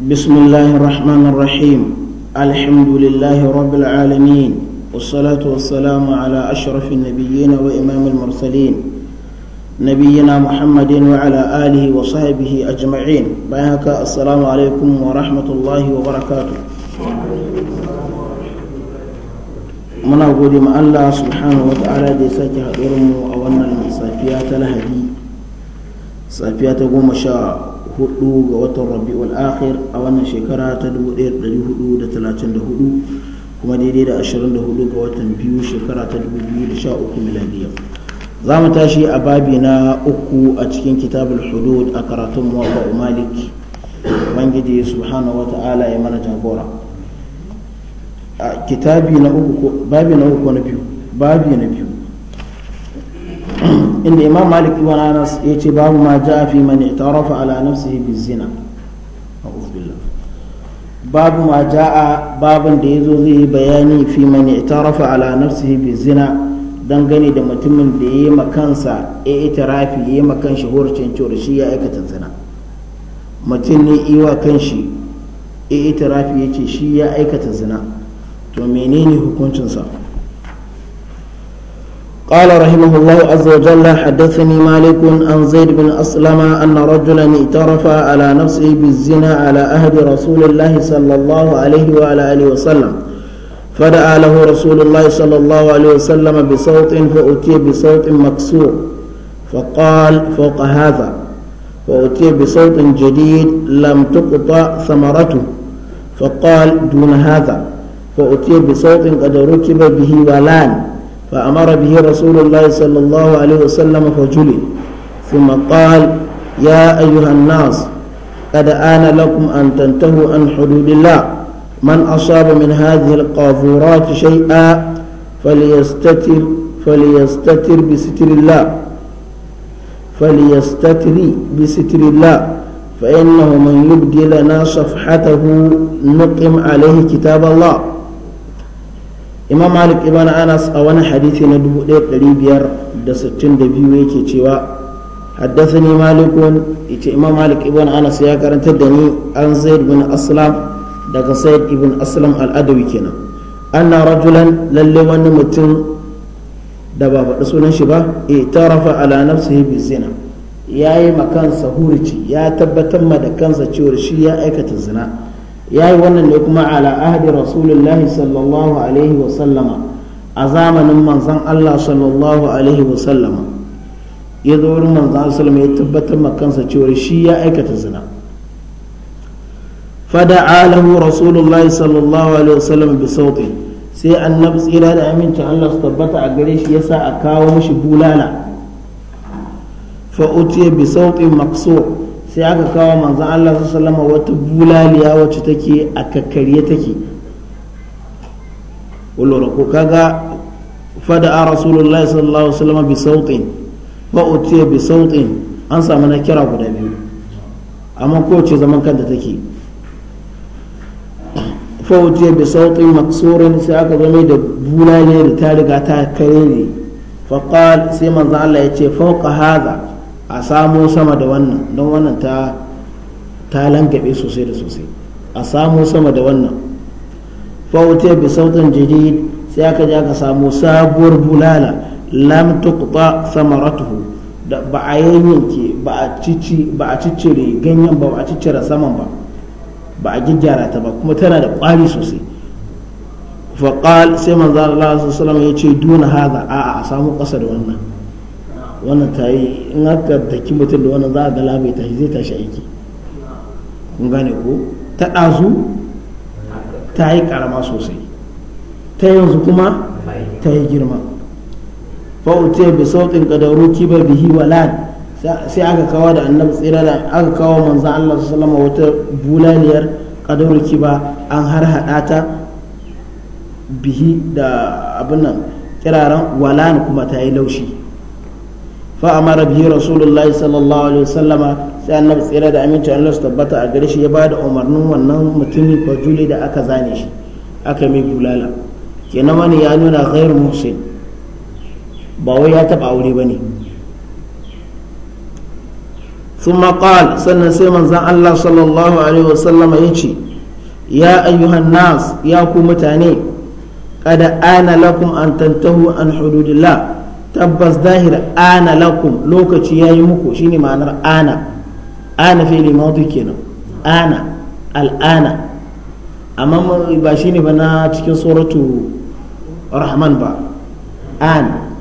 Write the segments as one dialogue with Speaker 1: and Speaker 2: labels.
Speaker 1: بسم الله الرحمن الرحيم الحمد لله رب العالمين والصلاة والسلام على أشرف النبيين وإمام المرسلين نبينا محمد وعلى آله وصحبه أجمعين بيهك السلام عليكم ورحمة الله وبركاته muna gode ma Allah subhanahu wa ta'ala da ya sake haɗuwar mu a wannan safiya ta lahadi safiya ta goma sha hudu ga watan rabi'ul akhir a wannan shekara ta 1434 kuma daidai da 24 ga watan biyu shekara ta 2013 miladiya za mu tashi a babi na uku a cikin kitabul hudud a karatun muwaffa'u malik ubangiji subhanahu wa ta'ala ya mana jagora a kitabi na uku babi na uku na biyu babi na biyu inda imam malik ibn anas ya ce babu ma ja'a fi man i'tarafa ala nafsihi bizina babu ma ja'a babin da yazo zai yi bayani fi man i'tarafa ala nafsihi bizina dangane da mutumin da yayi makansa ya itirafi yayi makan shi horcin cewa shi ya aikata zina mutum ne iwa kan shi ya itirafi yace shi ya aikata zina to menene hukuncinsa sa قال رحمه الله عز وجل حدثني مالك عن زيد بن أسلم أن رجلا اعترف على نفسه بالزنا على أهد رسول الله صلى الله عليه وعلى آله وسلم فدعا له رسول الله صلى الله عليه وسلم بصوت فأتي بصوت مكسور فقال فوق هذا وأتي بصوت جديد لم تقطع ثمرته فقال دون هذا فأتي بصوت قد ركب به ولان فأمر به رسول الله صلى الله عليه وسلم فجلي ثم قال يا أيها الناس قد آن لكم أن تنتهوا عن حدود الله من أصاب من هذه القافورات شيئا فليستتر فليستتر بستر الله فليستتر بستر الله فإنه من يبدي لنا صفحته نقم عليه كتاب الله imam malik ibn anas a wani hadisi na 1562 yake cewa haddathani malikun ita imam malik ibn anas ya karantar da ni an zaid bin aslam daga said ibn aslam al kenan anna rajulan lalle wani mutum da ba faɗi sunan shi ba itarafa ala nafsihi bi zina yayi makansa hurici ya tabbatar ma da kansa cewa shi ya aikata zina ya yi wannan ne kuma ala ahdi rasulullahi sallallahu alaihi wasallama a zamanin manzan Allah sallallahu alaihi wasallama ya zo wurin manzan sallama ya tabbatar ma kansa cewar shi ya aikata zina fada'a lahu rasulullahi sallallahu alaihi wasallam bi sauti sai annabi tsira da amincin Allah su tabbata a gare shi yasa a kawo mishi bulala fa utiya bi sautin maksur sai aka kawo manzan Allah su salama wata bulaliya wacce take a kakkarye take ulura ko kaga fada a rasulullahi sallallahu alaihi wasallam bi sautin ba utiya bi sautin an samu na kira guda biyu amma kowace zaman kanta take fa bi sautin maksurin sai aka zama da bulaliya da ta riga ta kare ne faƙal sai manzan Allah ya ce fauka haza a samo sama da wannan don wannan ta ta langabe sosai da sosai a samo sama da wannan fauta bi sautan jiri sai aka ji aka samu sabuwar bulala lam tuqta samaratuhu da ba a yanyanke ba a cici ba a ciccire ganyen ba ba a ciccire saman ba ba a gyaggyara ta ba kuma tana da ƙwari sosai faqal sai manzo Allah sallallahu alaihi wasallam ya ce duna haza a'a a samu ƙasa da wannan wannan ta yi in aka daki mutum da wannan za a ga labe ta zai tashi aiki kun gane ko ta ɗazu ta yi ƙarama sosai ta yanzu kuma ta yi girma fa'uce bi sautin kadaru kiba bihi walad sai aka kawo da annabi tsira da aka kawo manzo Allah sallama wata bulaniyar kadaru kiba an har hada ta bihi da abin nan kiraran walan kuma ta yi laushi فأمر به رسول الله صلى الله عليه وسلم سأل نفس إرادة أمين تعالى استبتا أقريش يباد أمرنه وأنه متمي فجولي دا أكا زانيش أكا ميبولالا كنما نيانونا غير محسن باوي هاتب أولي بني ثم قال سنة سيمن زان الله صلى الله عليه وسلم يجي يا أيها الناس يا كومتاني قد آن لكم أن تنتهوا عن حدود الله tabbas zahir ana lakum lokaci ya yi muku shine ma'anar ana ana fi limatu kenan ana al'ana amma ba shine ba na cikin suratu rahman ba an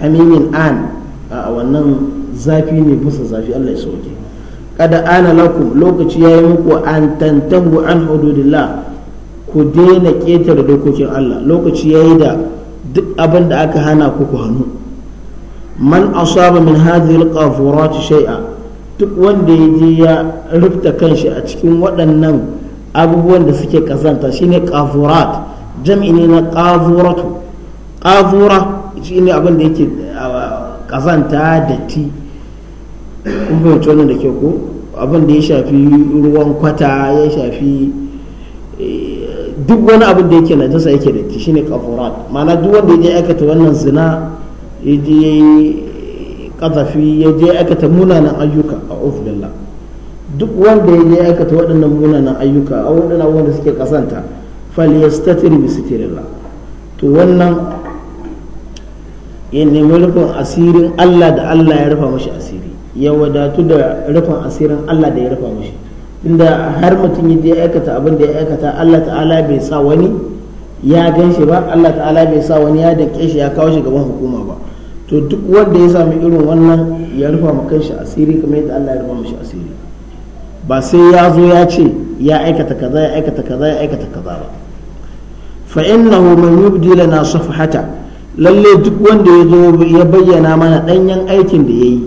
Speaker 1: hamimin an a wannan zafi ne bisa zafi allah ya sauke kada ana lakum lokaci ya yi muku an tantan an hududillah ku daina ƙetare dokokin allah lokaci ya yi da duk abin da aka hana ku ku hannu man asaba min hadhihi alqafurat shay'a duk wanda ya je ya rufta kanshi a cikin waɗannan abubuwan da suke kazanta shine qafurat jam'i ne na qafuratu qafura shine abin da yake kazanta da ti kun fahimci wannan da ke ko abin da ya shafi ruwan kwata ya shafi eh, duk wani abin da yake najasa yake da shi ne kafurat ma'ana duk wanda ya je aikata wannan zina ya je kazafi ya je aikata munanan ayyuka a ofilalla duk wanda ya je aikata waɗannan munanan ayyuka a waɗannan wanda suke kasanta falyastatir bi to wannan ya nemi rufin asirin Allah da Allah ya rufa mashi asiri ya wadatu da rufin asirin Allah da ya rufa mashi inda har mutum ya je aikata abin da ya aikata Allah ta'ala bai sa wani ya gan shi ba Allah ta'ala bai sa wani ya da shi ya kawo shi gaban hukuma ba to duk wanda ya sami irin wannan ya rufa ma kanshi asiri kamar yadda Allah ya rufa shi asiri ba sai ya zo ya ce ya aikata kaza ya aikata kaza ya aikata kaza ba fa innahu man yubdi lana safhata lalle duk wanda ya zo ya bayyana mana danyen aikin da yayi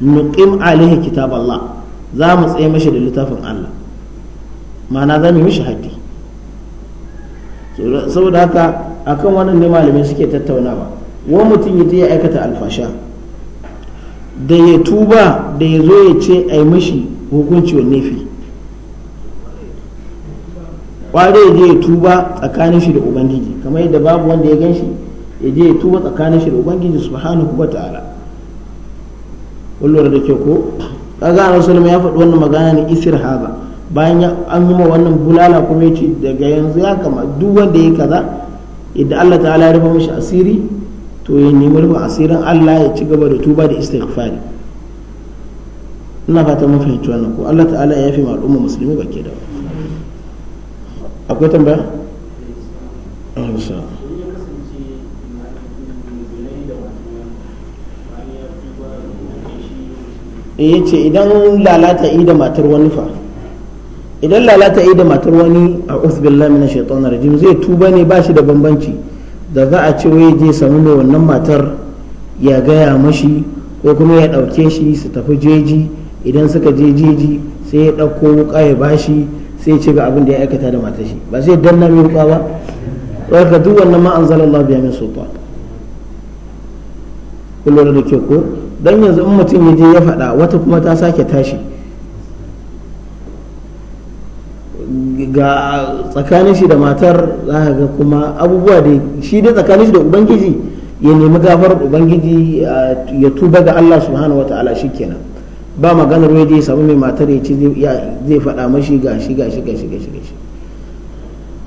Speaker 1: nuqim alaihi kitab Allah za mu tsaye mashi da littafin Allah ma'ana za mu yi mashi haddi saboda haka akan wannan ne malamin suke tattaunawa wani mutum ya ya aikata alfasha da ya tuba da ya zo ya ce a yi mashi hukunci wa nefi kware ya ya tuba tsakanin shi da ubangiji kamar yadda babu wanda ya gan shi ya je ya tuba tsakanin shi da ubangiji subhanahu wa ta'ala kullum da ke ko kaga annabi ya faɗi wannan magana ne isir haza bayan an yi ma wannan bulala kuma yace daga yanzu ya kama duk wanda ya kaza idan Allah ta'ala ya rufe mishi asiri to ya nemi rufe asirin Allah ya ci gaba da tuba da istighfari ina fata mun fahimci wannan ko Allah ta'ala ya fi ma al'umma musulmi ke da akwai tambaya Allah e ya ce idan lalata yi da matar wani fa idan lalata yi da matar wani a usbillah min shaitan rajim zai tuba ne ba shi da bambanci da za a ce wai je samu mai wannan matar ya gaya mashi ko kuma ya ɗauke shi su tafi jeji idan suka je jeji sai ya ɗauko wuka ya bashi sai ce ga abin da ya aikata da matar shi ba sai danna mai wuka ba ka duk wannan ma anzalallahu biya min sultan kullum da ke ko dan yanzu in mutum ya je ya faɗa wata kuma ta sake tashi ga tsakanin shi da matar za ka ga kuma abubuwa dai shi dai tsakanin shi da ubangiji ya nemi gafarar ubangiji ya tuba ga Allah subhanahu wa ta'ala kenan ba maganar wai ya samu mai matar ya ce zai faɗa mashi ga shi ga shi ga shi ga shi ga shi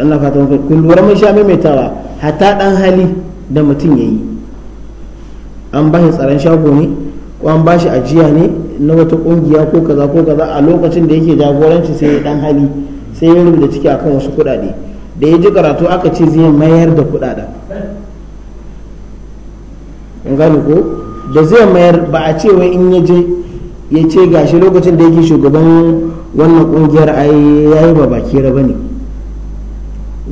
Speaker 1: Allah fata mun kun lura mun sha maimaitawa hatta dan hali da mutum ya yi an ba shi tsaron shago ne ko an bashi ajiya ne na wata kungiya ko kaza ko kaza a lokacin da yake jagoranci sai ya dan hali sai ya rubuta ciki akan wasu kuɗaɗe da ya ji karatu aka ce zai mayar da kuɗaɗen ko da zai mayar ba a ce wai in ya je ya ce gashi lokacin da yake shugaban wannan kungiyar ai yayi ba baki raba ne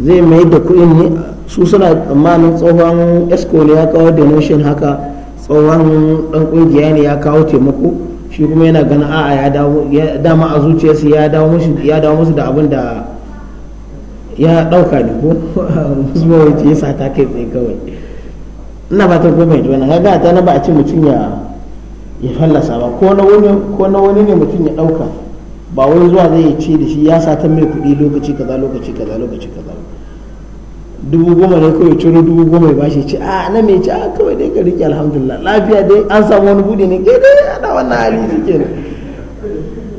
Speaker 1: zai mayar da kuɗi ne su suna tsammanin tsohon esco ya kawar da notion haka tsohon dan kungiya ne ya kawo taimako shi kuma yana ganin a'a ya dawo dama a zuciyarsa ya dawo musu ya dawo musu da abin da ya dauka ne ko zuwa wace ya sata kai tsaye kawai ina ba ta ko mai wannan kaga ta na ba a ce mutum ya ya fallasa ba ko na wani ko na wani ne mutum ya dauka ba wani zuwa zai ce da shi ya sata mai kuɗi lokaci kaza lokaci kaza lokaci kaza dubu goma ne kawai ciro dubu goma ya bashi ce a ah, na mai ce a ah, kawai dai ka rike alhamdulillah lafiya dai an samu wani buɗe ne kai dai ana wannan hali shi ke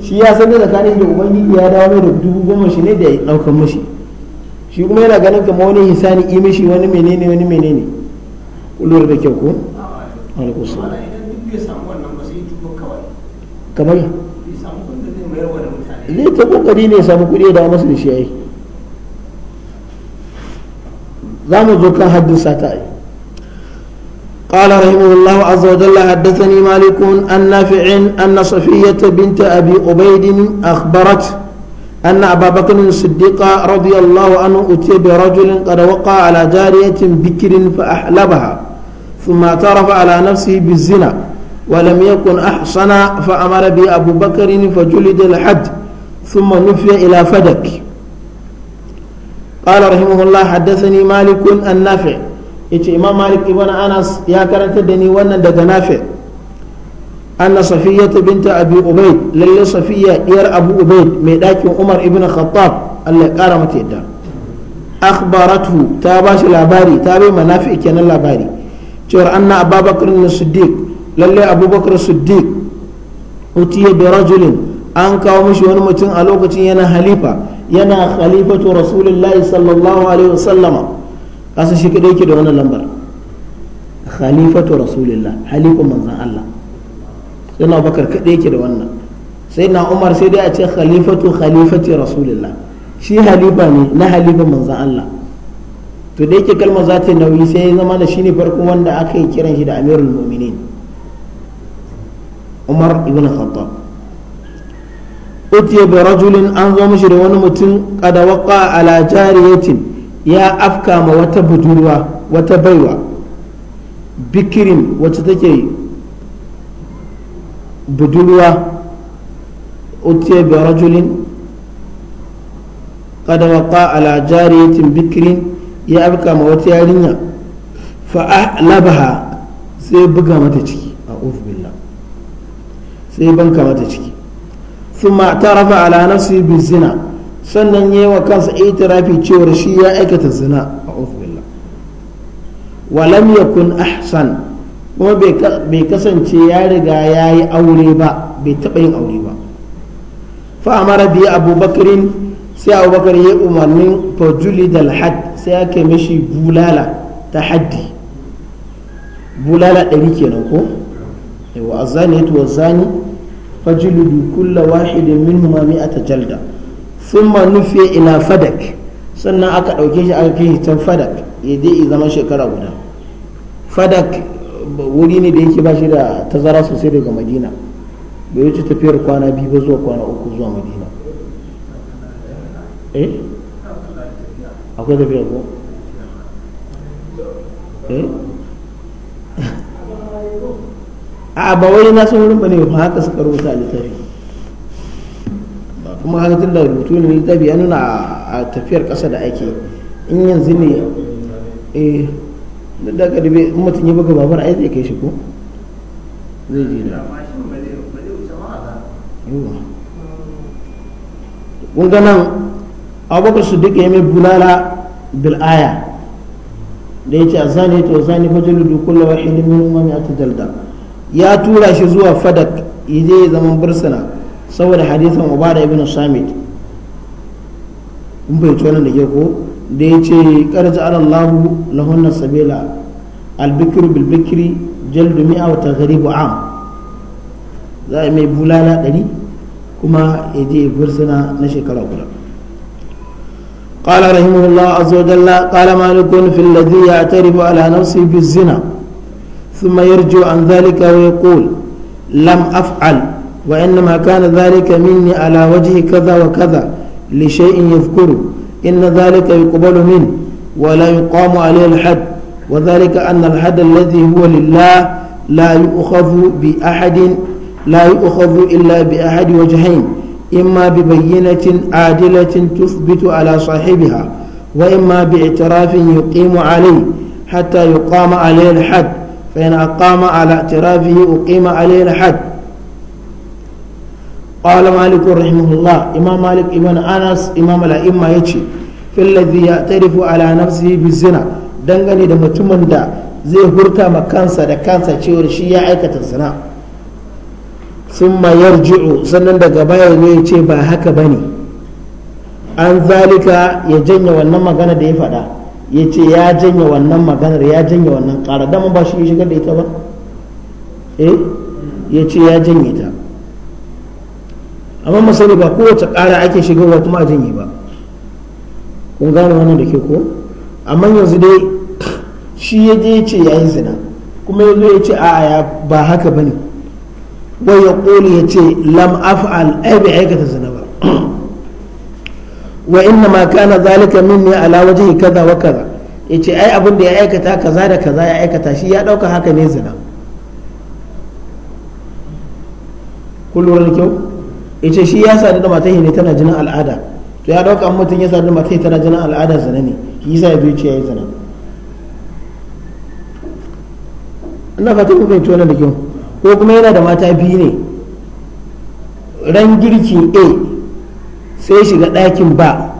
Speaker 1: shi ya san da tsakanin da ubangiji ya dawo mai da dubu goma shi ne da ya ɗaukar mashi shi kuma yana ganin kama wani hisani yi mishi wani menene wani menene kulura da kyau ko alƙusa kamar zai ta kokari ne ya samu kuɗi da masu da shi za mu zo kan haddin sata ai قال رحمه الله عز وجل حدثني مالك عن نافع أن صفية بنت أبي عبيد أخبرت أن أبا بكر الصديق رضي الله عنه أتي برجل قد وقع على جارية بكر فأحلبها ثم اعترف على نفسه بالزنا ولم يكن أحصنا فأمر به أبو بكر فجلد الحد ثم نفي إلى فدك قال رحمه الله حدثني مالك النافع يتي إمام مالك ابن أنس يا كرنت دني وانا دقا نافع أن صفية بنت أبي أبيد للي صفية إير أبو أبيد ميداك عمر ابن الخطاب اللي قارمت يدا أخبرته تاباش لاباري تابي منافع كان لاباري تور أن أبا بكر الصديق للي أبو بكر الصديق أتي برجل أنكا ومشي ونمتن ألوكتين ينا هليفة yana khalifatu rasulullahi sallallahu alaihi wasallama kasan shi kadai yake da wannan lambar khalifatu rasulillah halifin manzon Allah sai na bakar kadai yake da wannan sai na umar sai dai a ce khalifatu khalifati rasulillah shi halifa ne na halifin manzon Allah to da yake kalmar za ta nauyi sai ya zama da shine farko wanda aka yi kiran shi da amirul mu'minin umar ibn khattab utiya bi rajulin an zo mishi da wani mutum qad waqa ala jariyatin ya afka ma wata budurwa wata baiwa bikirin wacce take budurwa قد وقع على جارية بكر يا أبكى موت فأحلبها سيبقى متشكي أعوذ بالله سيبقى متشكي ثم اعترف على bi zina sannan yi wa kansa itirafi cewar shi ya aikata zina a billah walam yakun ahsan kuma bai kasance ya riga ya yi aure ba bai taɓa yin aure ba fa amara biya abubakarin sai abubakar ya umarnin fajuli da lahad sai ake mashi bulala ta haddi bulala ɗari kenan ko yawa azani fajiludu kulla wahidin min mami a tajalda sun ma nufi ina fadak sannan aka ɗauke shi aka kai hitan fadak ya dai iya zama shekara guda fadak wuri ne da yake ba shi da tazara sosai daga madina da ya ci kwana biyu ba zuwa kwana uku zuwa madina eh? a ba wai na san wurin bane ba haka suka rubuta ta littafi ba kuma haka tun da rubutu ne littafi ya nuna a tafiyar ƙasa da ake in yanzu ne eh duk da karbe in mutum ya buga babar ai zai kai shi ko zai je da kun ga nan abubakar su duka ya mai bulala bil'aya da ya ce a zane to zane fajalu dukkan lawa ilimin umami a ta dalda ya tura shi zuwa fadak yaje ya zama bursuna saboda hadisin ubada ibn samit in bai tona da ke ko da ya ce karja alallahu lahunna sabila albikir bilbikiri jaldu mi'a wa taghribu am za a mai bulala ɗari kuma ya je bursuna na shekara guda قال رحمه الله عز وجل قال مالك في الذي يعترف على نفسه بالزنا ثم يرجع عن ذلك ويقول لم أفعل وإنما كان ذلك مني على وجه كذا وكذا لشيء يذكره إن ذلك يقبل منه ولا يقام عليه الحد وذلك أن الحد الذي هو لله لا يؤخذ بأحد لا يؤخذ إلا بأحد وجهين إما ببينة عادلة تثبت على صاحبها وإما باعتراف يقيم عليه حتى يقام عليه الحد فإن أقام على اعترافه أقيم عليه الحد قال مالك رحمه الله إمام مالك ابن أنس إمام الأئمة يجي في الذي يعترف على نفسه بالزنا dangane da mutumin da zai hurta ma kansa da kansa cewar shi ya aikata zina sun mayar ji'u sannan da baya ne ce ba haka ba ne an zalika ya janye wannan maganar da ya faɗa ya ce ya janye wannan maganar ya janye wannan ƙara dama ba shi ya shigar da ita ba eh ya ce ya janye ta amma masani ba kowace ƙara ake shigarwa kuma a janye ba kun gane wannan da ke ko amma yanzu dai shi ya je ce ya yi zina kuma yanzu ya ce a'a ya ba haka ba wai ya ƙoli ya ce lam af'al ai bai aikata zina ba wa inna ma kana zalika minni ala wajhi kaza wa kaza yace ai abin da ya aikata kaza da kaza ya aikata shi ya dauka haka ne zina kullum da kyau yace shi ya sadu da matai ne tana jinin al'ada to ya dauka an mutum ya sadu da matai tana jinin al'ada zina ne yasa ya biyu ce ya yi zina ina fata ku fahimci wannan da kyau ko kuma yana da mata biyu ne ran girki a sai shiga ɗakin ba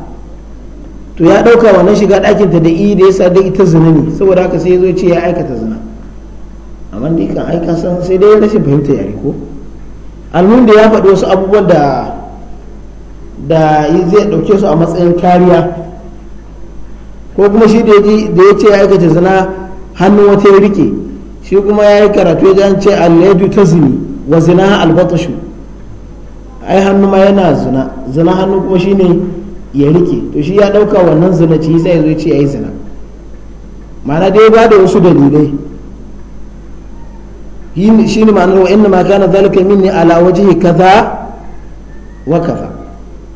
Speaker 1: to ya ɗauka wannan shiga ɗakin ta da i da yasa dai ita zina ne saboda haka sai ya zo ce ya aikata zina amma dai kan aika san sai dai rashin fahimta yare ko almun da ya faɗi wasu abubuwan da da zai ɗauke su a matsayin kariya ko kuma shi da ya ce ya aikata zina hannun wata ya rike shi kuma ya yi karatu ya ce alladu ta zini wa zina albatashu ai hannu ma yana zina zina hannu kuma shine ya rike to shi ya dauka wannan zina ci sai zo ce yayi zina ma'ana dai ba da wasu dalilai shi ne ma'anar wa inna ma kana zalika minni ala wajhi kaza wa kaza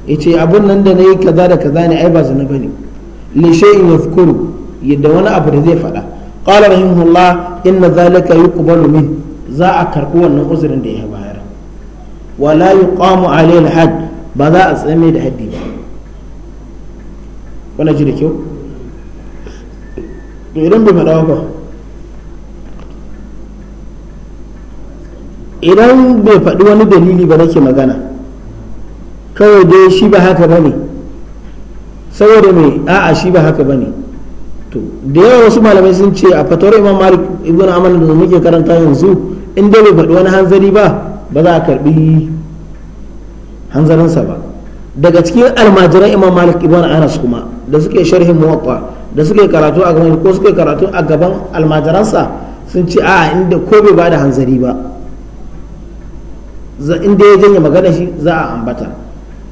Speaker 1: yace abun nan da nayi kaza da kaza ne ai ba zina bane li shay'in yadhkuru yadda wani abu da zai faɗa qala rahimahullah inna zalika yuqbalu min za a karɓi wannan uzurin da ya bayar wala yuqamu alayhi alhad ba za a tsame da haddi ba wannan ji da kyau to idan bai faɗa ba idan bai faɗi wani dalili ba nake magana kawai dai shi ba haka ba ne saboda mai a'a shi ba haka ba ne to da yawa wasu malamai sun ce a fatawar imam malik ibn amal da muke karanta yanzu in dai bai faɗi wani hanzari ba ba za a karbi hanzarinsa ba daga cikin almajiran imam malik ibn anas kuma da suke sharhin muwatta da suke karatu a gaban ko suke karatu a gaban almajiransa sun ce a inda ko bai ba da hanzari ba inda ya janye magana shi za a ambata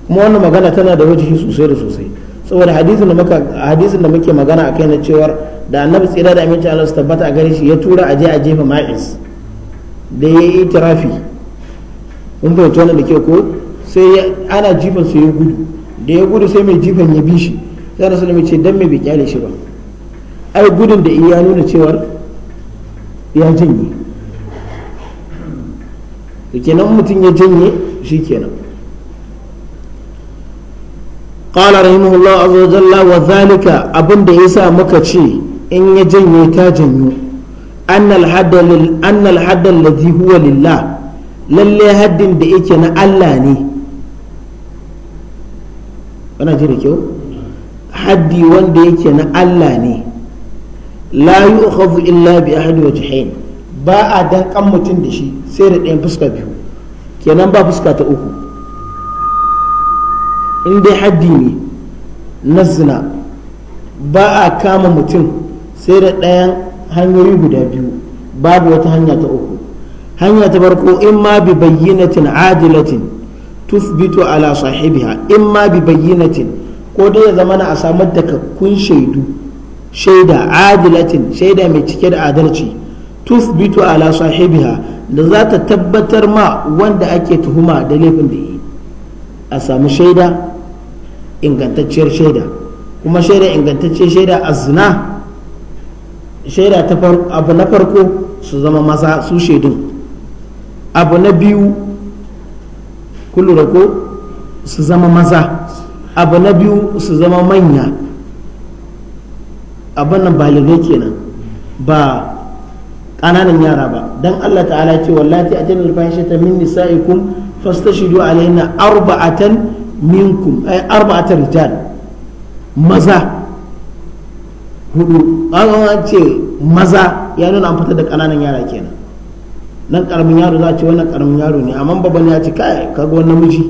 Speaker 1: kuma wannan magana tana da wajihi sosai da sosai saboda hadisin da muka hadisin da muke magana akai na cewar da annabi tsira da aminci Allah su tabbata a gare shi ya tura aje a jefa ma'is da ya yi tirafi. mun da kyau ko sai ana jifan su ya gudu da ya gudu sai mai jifan ya bi shi sai rasul mai ce dan mai bai kyale shi ba ai gudun da iya nuna cewar ya janye da kenan mutum ya janye shi kenan qala rahimahullah azza zalika abinda yasa muka ce in ya janye ta janyo annal haddal annal haddal lillah lalle haddin da yake na Allah ne wana ji da kyau haddi wanda yake na Allah ne la yu'khadhu illa bi ahadi wajhain ba a kan mutum da shi sai da ɗayan fuska biyu kenan ba fuska ta uku in dai haddi ne na zina ba a kama mutum sai da ɗayan hanyoyi guda biyu babu wata hanya ta uku hanya ta farko in ma bi bayyinatin adilatin tufbitu ala sahibiha in ma bi bayyinatin ko dai ya zama na a samar da kakkun shaidu shaida adilatin shaida mai cike da adalci tufbitu ala sahibiha da za ta tabbatar ma wanda ake tuhuma da laifin da yi a samu shaida ingantacciyar shaida kuma shaida ingantacciyar shaida a zina shaida ta abu na farko su zama maza su shaidun abu na biyu da ko su zama maza abu na biyu su zama manya abin nan balibai kenan ba ƙananan yara ba don Allah ta'ala ce wallati a janar fahishe ta min nisa'ikum fastashidu alaina arba'atan minkum ay arba'atan rijal maza hudu an ce maza ya nuna an fitar da ƙananan yara kenan nan karamin yaro za a ce wannan karamin yaro ne amma babban ya ce kai kaga wannan namiji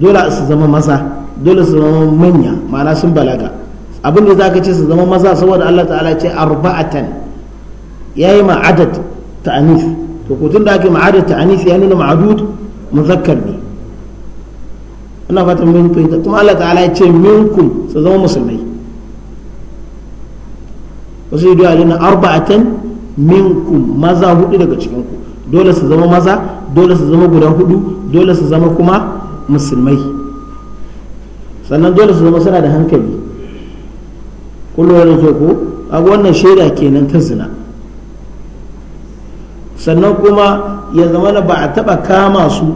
Speaker 1: dole su zama maza dole su zama manya ma'ana sun balaga abin da za ka ce su zama maza saboda Allah ta'ala ce arba'atan yayi ma adad ta'anif to ko tun da ake ma'adad adad ta'anif ya nuna ma'adud muzakkar ne ina fatan mun fahimta kuma Allah ta'ala ya ce minkum su zama musulmai wasu yi duwa arba'atan minkum maza hudu daga cikin ku dole su zama maza dole su zama guda hudu dole su zama kuma musulmai sannan dole su zama suna da hankali kullum da ke ko a wannan shaida kenan ta zina sannan kuma ya zama ba a taba kama su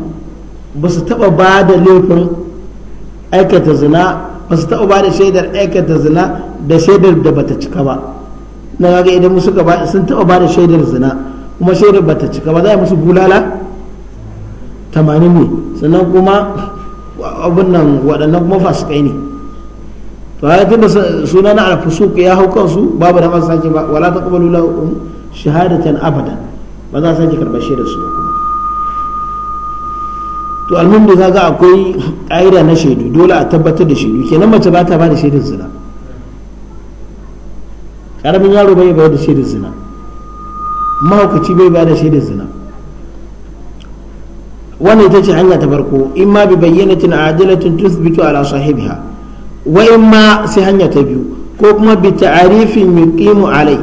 Speaker 1: ba su taba ba da laifin aikata zina ba su taba ba da shaidar aikata zina da shaidar da bata cika ba na kaga idan suka sun taba bada shaidar zina kuma shaidar bata cika ba za a musu bulala tamanin ne sannan kuma abin nan waɗannan kuma fasikai ne to a tunda suna na alfusuk ya hau kansu babu da masu sake ba wala ta kubalu lahum shahadatan abada ba za a sake karɓar shaidar su to almin da ga akwai ƙa'ida na shaidu dole a tabbatar da shaidu kenan mace ba ta ba da shaidar zina karamin yaro bai bayar da shaidar zina mahaukaci bai bayar da shaidar zina wannan ita ce hanya ta farko in ma bi tun tun tuthbitu ala sahibiha wa in ma sai hanya ta biyu ko kuma bi ta'arifin yuqimu alai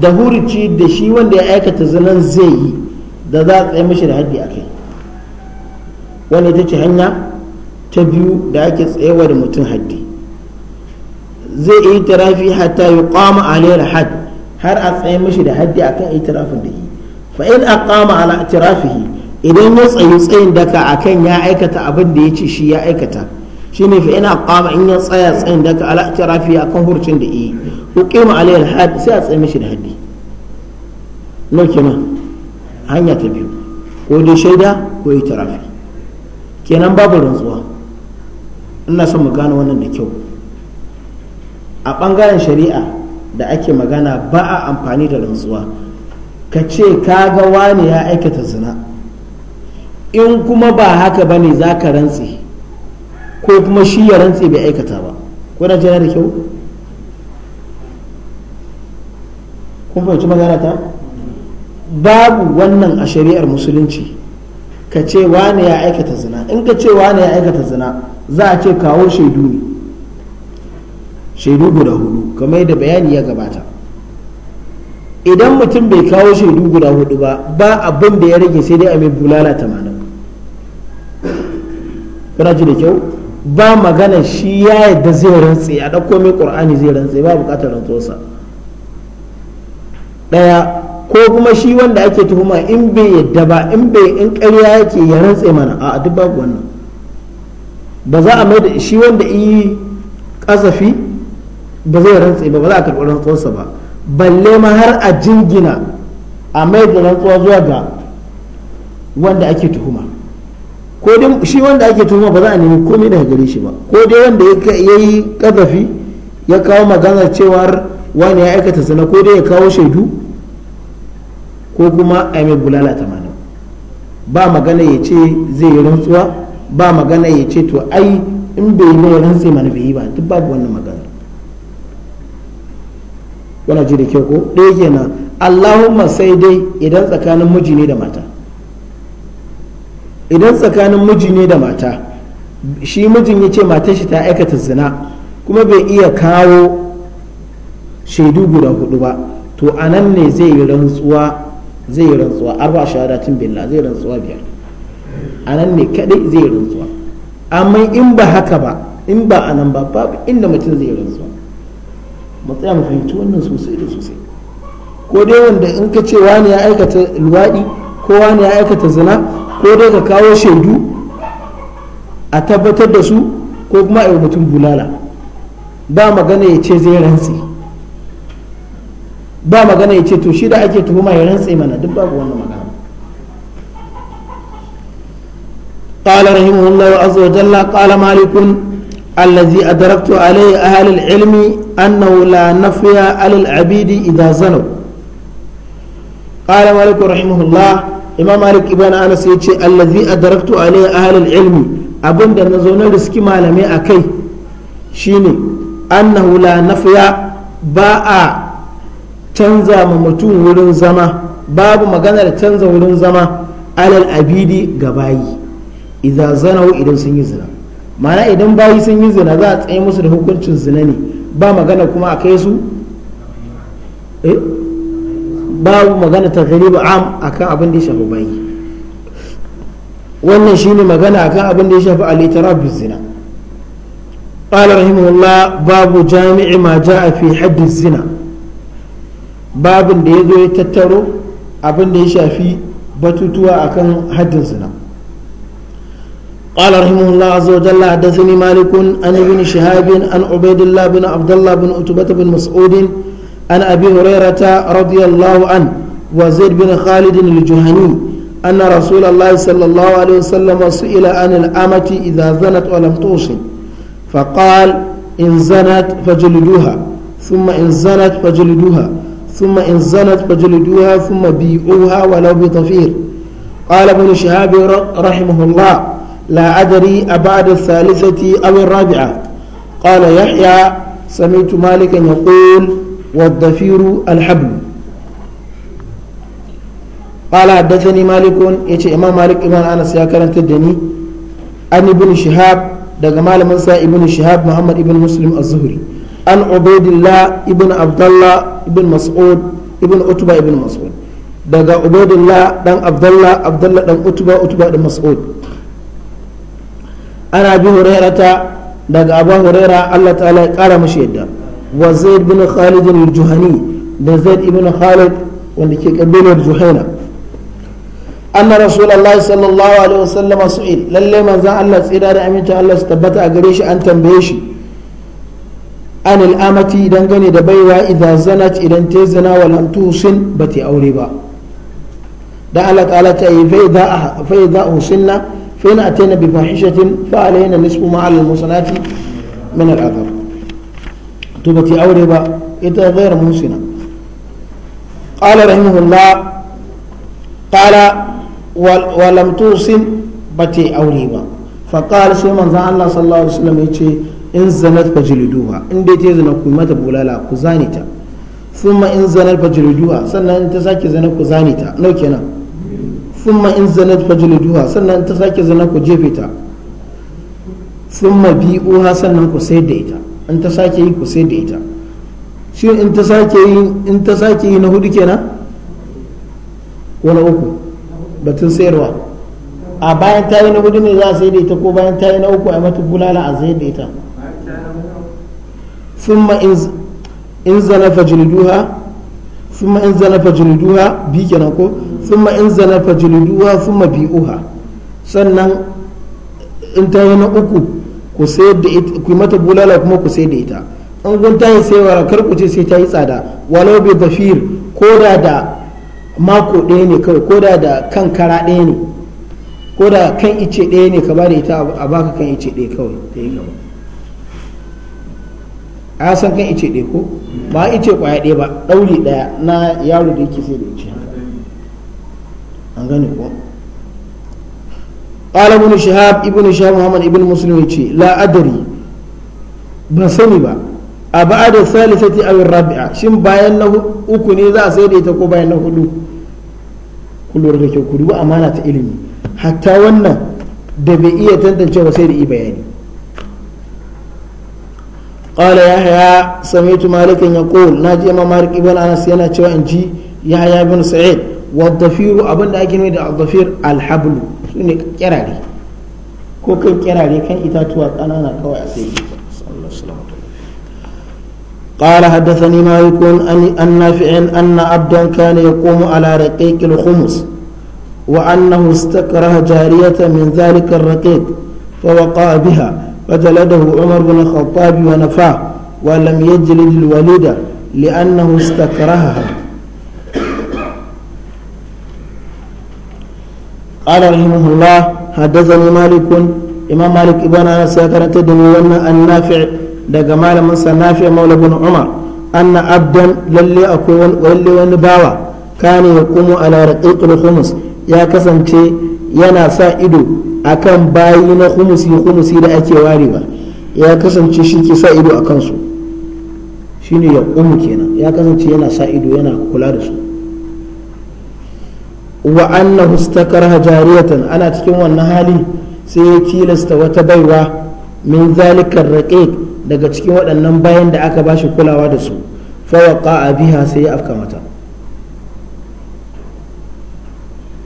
Speaker 1: da hurci da shi wanda ya aikata zinan zai yi da za a tsaye mishi da haddi akai wannan ita ce hanya ta biyu da ake tsayawa da mutum haddi zai yi tirafi hatta yi kama alayyar had har a tsaye mashi da haddi akan itirafin da yi fa in a kama ala tirafihi idan ya tsayi tsayin daka akan ya aikata abin da ya ce shi ya aikata shine fa ina kama in ya tsaya tsayin daka ala tirafi akan hurcin da yi uqima alayyar had sai a tsaye mashi da haddi no kenan hanya ta biyu ko dai shaida ko itirafi kenan babu rantsuwa ina son mu gane wannan da kyau a ɓangaren shari'a da ake magana ba a amfani da rantsuwa ka ce ka ga wani ya aikata zina in kuma ba haka ba ne za ka rantse ko kuma shi ya rantse bai aikata ba ko na jira da kyau kun fahimci magana ta babu wannan a shari'ar musulunci ka ce wani ya aikata zina in ka ce wani ya aikata zina za a ce kawo shaidu ne shaidu guda hudu kamar yadda bayani ya gabata idan mutum bai kawo shaidu guda hudu ba ba abin da ya rage sai dai a mai bulala tamanin kuna ji da kyau ba magana shi ya yadda zai rantse a ɗauko mai ƙur'ani zai rantse ba buƙatar rantsuwarsa ɗaya ko kuma shi wanda ake tuhuma in bai yadda ba in bai in ƙarya yake ya rantse mana a duk babu wannan ba za a mai da shi wanda yi ƙazafi ba zai rantse ba ba za a karɓi rantsuwarsa ba balle ma har a jingina a mai da rantsuwa zuwa ga wanda ake tuhuma ko dai shi wanda ake tuhuma ba za a nemi komai daga gare shi ba ko dai wanda ya yi kazafi ya kawo magana cewar wani ya aikata sana ko dai ya kawo shaidu ko kuma a mai bulala tamanin ba magana ya ce zai yi rantsuwa ba magana ya ce to ai in bai yi rantse mana bai yi ba duk babu wannan magana Wana ji da kyau ko ɗaya kenan allahumma sai dai idan tsakanin miji ne da mata idan tsakanin miji ne da mata shi mijin ya ce matar shi ta aikata zina kuma bai iya kawo shaidu guda hudu ba to a nan ne zai yi rantsuwa zai yi rantsuwa arba shahadatin billah zai rantsuwa biyar a nan ne kadai zai yi rantsuwa amma in ba haka ba in ba a nan ba babu inda mutum zai yi rantsuwa matsaya mu fahimci wannan sosai da sosai ko dai wanda in ka ce wani ya aikata luwaɗi ko wani ya aikata zina ko dai ka kawo shaidu a tabbatar da su ko kuma a yi mutum bulala ba magana ya ce zai rantse ba magana ya ce to shi da ake tuhuma ya rantse mana duk babu wannan magana قال رحمه الله عز وجل قال مالك الذي أدركت عليه أهل العلم أنه لا نفي على العبيد إذا زنوا قال مالك رحمه الله إمام مالك ابن أنس يتشي الذي أدركت عليه أهل العلم أبن دنا زونا رسكي مالمي أكي شيني أنه لا نفي باء canza ma mutum wurin zama babu maganar canza wurin zama alal abidi gabayi idan zanau idan sun yi zina mana idan bayi sun yi zina za a tsaye musu da hukuncin zina ne ba magana kuma a kai su eh? babu magana ta ba am a kan abin da ya shafi bayi wannan shine magana a kan abin da ya shafi alitara zina ƙala rahimahullah babu jami'i ma ja a fi haddin zina babin da ya zo ya tattaro abin da ya shafi batutuwa akan haddin zina قال رحمه الله عز وجل حدثني مالك عن ابن شهاب عن عبيد الله بن عبد الله بن عتبة بن مسعود عن أبي هريرة رضي الله عنه وزيد بن خالد الجهني أن رسول الله صلى الله عليه وسلم سئل عن الأمة إذا زنت ولم توصل فقال إن زنت فجلدوها ثم إن زنت فجلدوها ثم إن زنت فجلدوها ثم بيعوها ولو بطفير قال ابن شهاب رحمه الله لا أدري أبعد الثالثة أو الرابعة قال يحيى سمعت مالكا يقول والضفير الحبل قال حدثني مالك يتي إمام مالك إمام أنس يا كرنت الدني أن ابن شهاب دقى مال منسى ابن شهاب محمد ابن مسلم الزهري أن عبيد الله ابن عبد الله ابن مسعود ابن عتبة ابن مسعود دقى عبيد الله دان عبد الله عبد الله دان عتبة عتبة دان مسعود ana bi hurairata daga abu huraira Allah ta'ala ya kara mashi yadda wa zaid bin khalid al-juhani da zaid ibn khalid wanda ke kabilar juhaina anna rasulullah sallallahu alaihi wasallam su'il lalle manzon Allah tsira da aminta Allah su tabbata a gare shi an tambaye shi an al'amati dangane da baiwa idza zanat idan ta zina wa lam tusin bati aure ba dan Allah ta'ala ta yi fa idza fa idza usinna فإن أتينا بفاحشة فعلينا نصف ما على المحصنات من العذاب تبتي أوري با إذا غير محسنة قال رحمه الله قال ولم توصن بتي أوري با فقال سيما زعل الله صلى الله عليه وسلم يتي in zanat fajliduha in dai ta zana ku mata bulala ku zane ta thumma in zanat fajliduha sannan ta sake zana ku zane ta nau kenan thumma in zanat fajliduha sannan ta sake zana ku jefe ta bi uha sannan ku sai da ita in ta sake yi ku sai da ita shi in ta sake yi in ta sake yi na hudu kenan wani uku batun sayarwa a bayan ta yi na hudu ne za a sai da ita ko bayan ta yi na uku a mata bulala a zai da ita thumma in zana fajliduha thumma in zana fajliduha bi kenan ko thumma in zana fajliduha thumma bi'uha sannan in ta yi na uku ku sayar da ita ku mata bulala kuma ku sayar da ita in kun ta yi sayarwa kar ku ce sai ta yi tsada walau bi zafir ko da da mako ɗaya ne kawai ko da da kan kara ɗaya ne ko da kan ice ɗaya ne ka ba da ita a baka kan ice ɗaya kawai ta na yaro da gane ko qala ibn shahab ibn shahab muhammad ibn muslim yace la adari ba sani ba a ba'da salisati aw rabi'a shin bayan na uku ne za a sai da ita ko bayan na hudu kullur da ke kudu amana ta ilimi hatta wannan da bai iya tantancewa sai da i bayani قال يحيى samitu مالكا يقول ناجي امام مالك ابن anas yana cewa in ji yahya bin sa'id waddafiru abinda ake nuna da addafir alhablu su ne kirare ko kan kirare kan itatuwa ƙanana kawai a sai قال حدثني مالك أن نافع أن عبدا كان يقوم على رقيق الخمس وأنه استكره جارية من ذلك الرقيق فوقع بها فجلده عمر بن الخطاب ونفاه ولم يجلد الوليدة لأنه استكرهها قال رحمه الله حدثني مالك إمام مالك ابن أنس كانت دنيوانا النافع دقى مال من نافع مولى بن عمر أن عبدا للي أكون ولي باوا كان يقوم على رقيق الخمس يا كسنتي ينا سائدو أكن باين خمسي خمسي da ake warewa ya kasance shi ke sa ido a kansu shine ya umu kenan ya kasance yana sa ido yana kula da su wa annahu istakaraha jariyatan ana cikin wannan hali sai ya tilasta wata baiwa min zalikar raqiq daga cikin waɗannan bayan da aka bashi kulawa da su fa waqa biha sai ya afka mata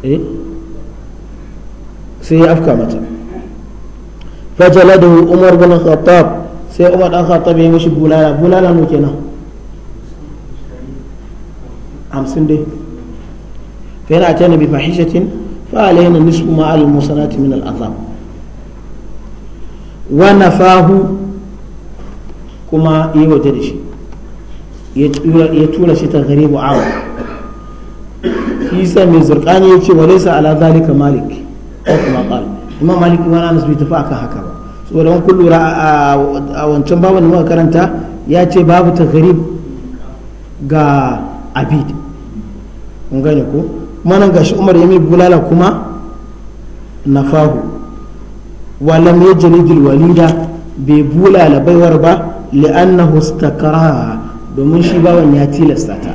Speaker 1: eh sai ya afka mata fa umar bin khattab sai umar dan khattab ya mishi bulala bulala mu kenan 50 dai فإن أتينا بفاحشة فعلينا نصف ما على المحصنات من العذاب ونفاه كما يوجد يتولى شيء تغريب عوض isa mai zurkani ya ce wa laisa ala zalika malik ko kuma qal imam malik kuma na nasu tafi haka ba saboda wani kun lura a wancan babu da muka karanta ya ce babu taghrib ga abid ko manan gashi umar ya mai bulala kuma na fahu walam ya jaridul walida bai bulala baiwar ba li'anna hustakara domin shi bawan ya tilasta ta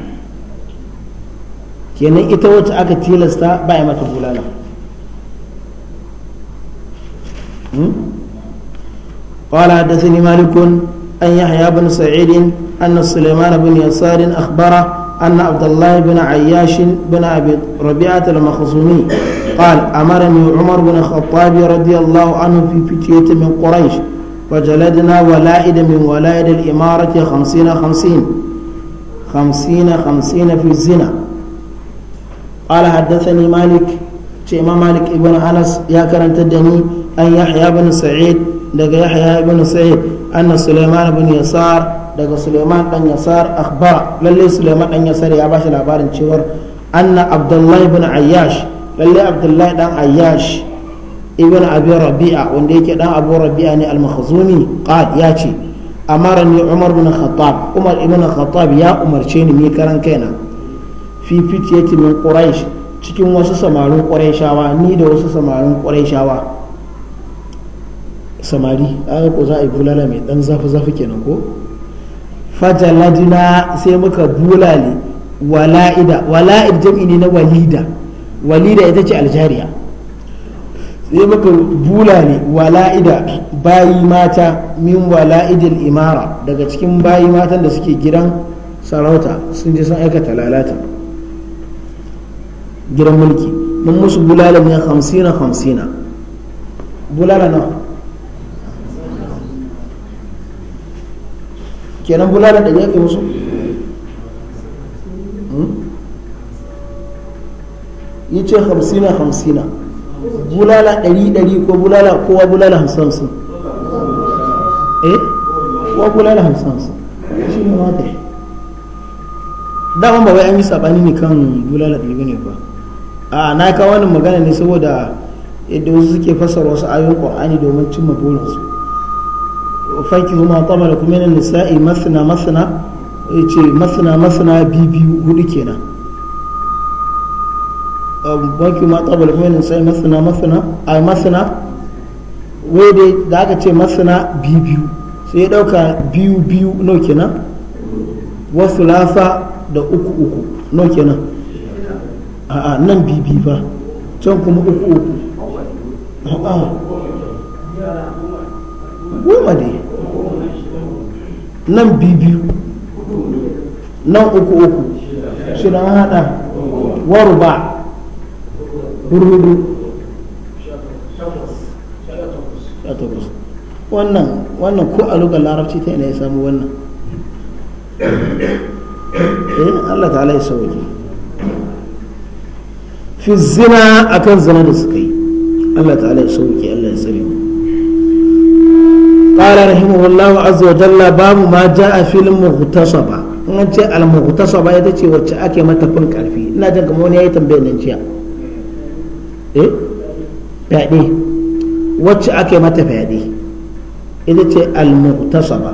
Speaker 1: kenan ita wacce aka tilasta ba ya mata bulala da حدثني مالك أن يحيى بن سعيد أن سليمان بن يسار أخبره أن عبد الله بن عياش بن أبي ربيعة المخزومي قال أمرني عمر بن الخطاب رضي الله عنه في فتية من قريش وجلدنا ولائد من ولائد الإمارة خمسين خمسين خمسين خمسين في الزنا قال حدثني مالك شيء مالك ابن أنس يا كرنت الدني أن يحيى بن سعيد لقى يحيى بن سعيد أن سليمان بن يسار daga Suleiman dan Yasar akhbara lalle Suleiman dan Yasar ya bashi labarin cewar anna Abdullahi ibn Ayyash lalle Abdullahi dan Ayyash ibn Abi Rabi'a wanda yake dan Abu Rabi'a ne al-Makhzumi qad ya ce ne Umar ibn Khattab Umar ibn Khattab ya umarce ni ni karan kaina fi fitiyati min Quraysh cikin wasu samarin Qurayshawa ni da wasu samarin Qurayshawa samari a ko za a yi bulala mai dan zafi-zafi kenan ko fajaladina sai muka bulale wala'ida wala'id jam'i ne na walida walida ita ce aljariya sai muka bulale wala'ida bayi mata min wala'idil imara daga cikin bayi matan da suke gidan sarauta sun je sun aikata lalata gidan mulki mun musu bulala ya hamsina hamsina bulala nawa kenan bulalar ɗari ake musu hmm? yi ce hamsina hamsina bulala ɗari ɗari ko bulala kowa bulala hamsin eh kowa bulala hamsin hamsin shi ne wata daman ba wai an yi sabani ne kan bulala ɗari ne ba a na kawo wani magana ne saboda yadda wasu suke fassara wasu ayyukan ani domin cimma burinsu fakihu ma tsaba kuma yanin nisa'i masana masana ce masana masana biyu hudu kenan banki um, ma tsaba kuma yanin nisa'i masana masana a masana wai dai da aka ce masana biyu sai ya dauka biyu biyu no kenan wasu lafa da uku uku no kenan a'a nan bibi ba can kuma uku uku a'a goma dai nan biyu nan uku uku shida an hada waruba hurhudu wannan wannan ko a lugar larabci ta ina ya samu wannan eh Allah ta'ala ya sauke fi zina akan zina da suka yi Allah ta'ala ya sauke Allah ya tsare قال رحمه الله عز وجل باب ما an ce ita ce wacce ake mata kun karfi ina jin kamar wani yayi tambayar nan jiya eh wacce ake mata fyaɗe ita ce almughtasaba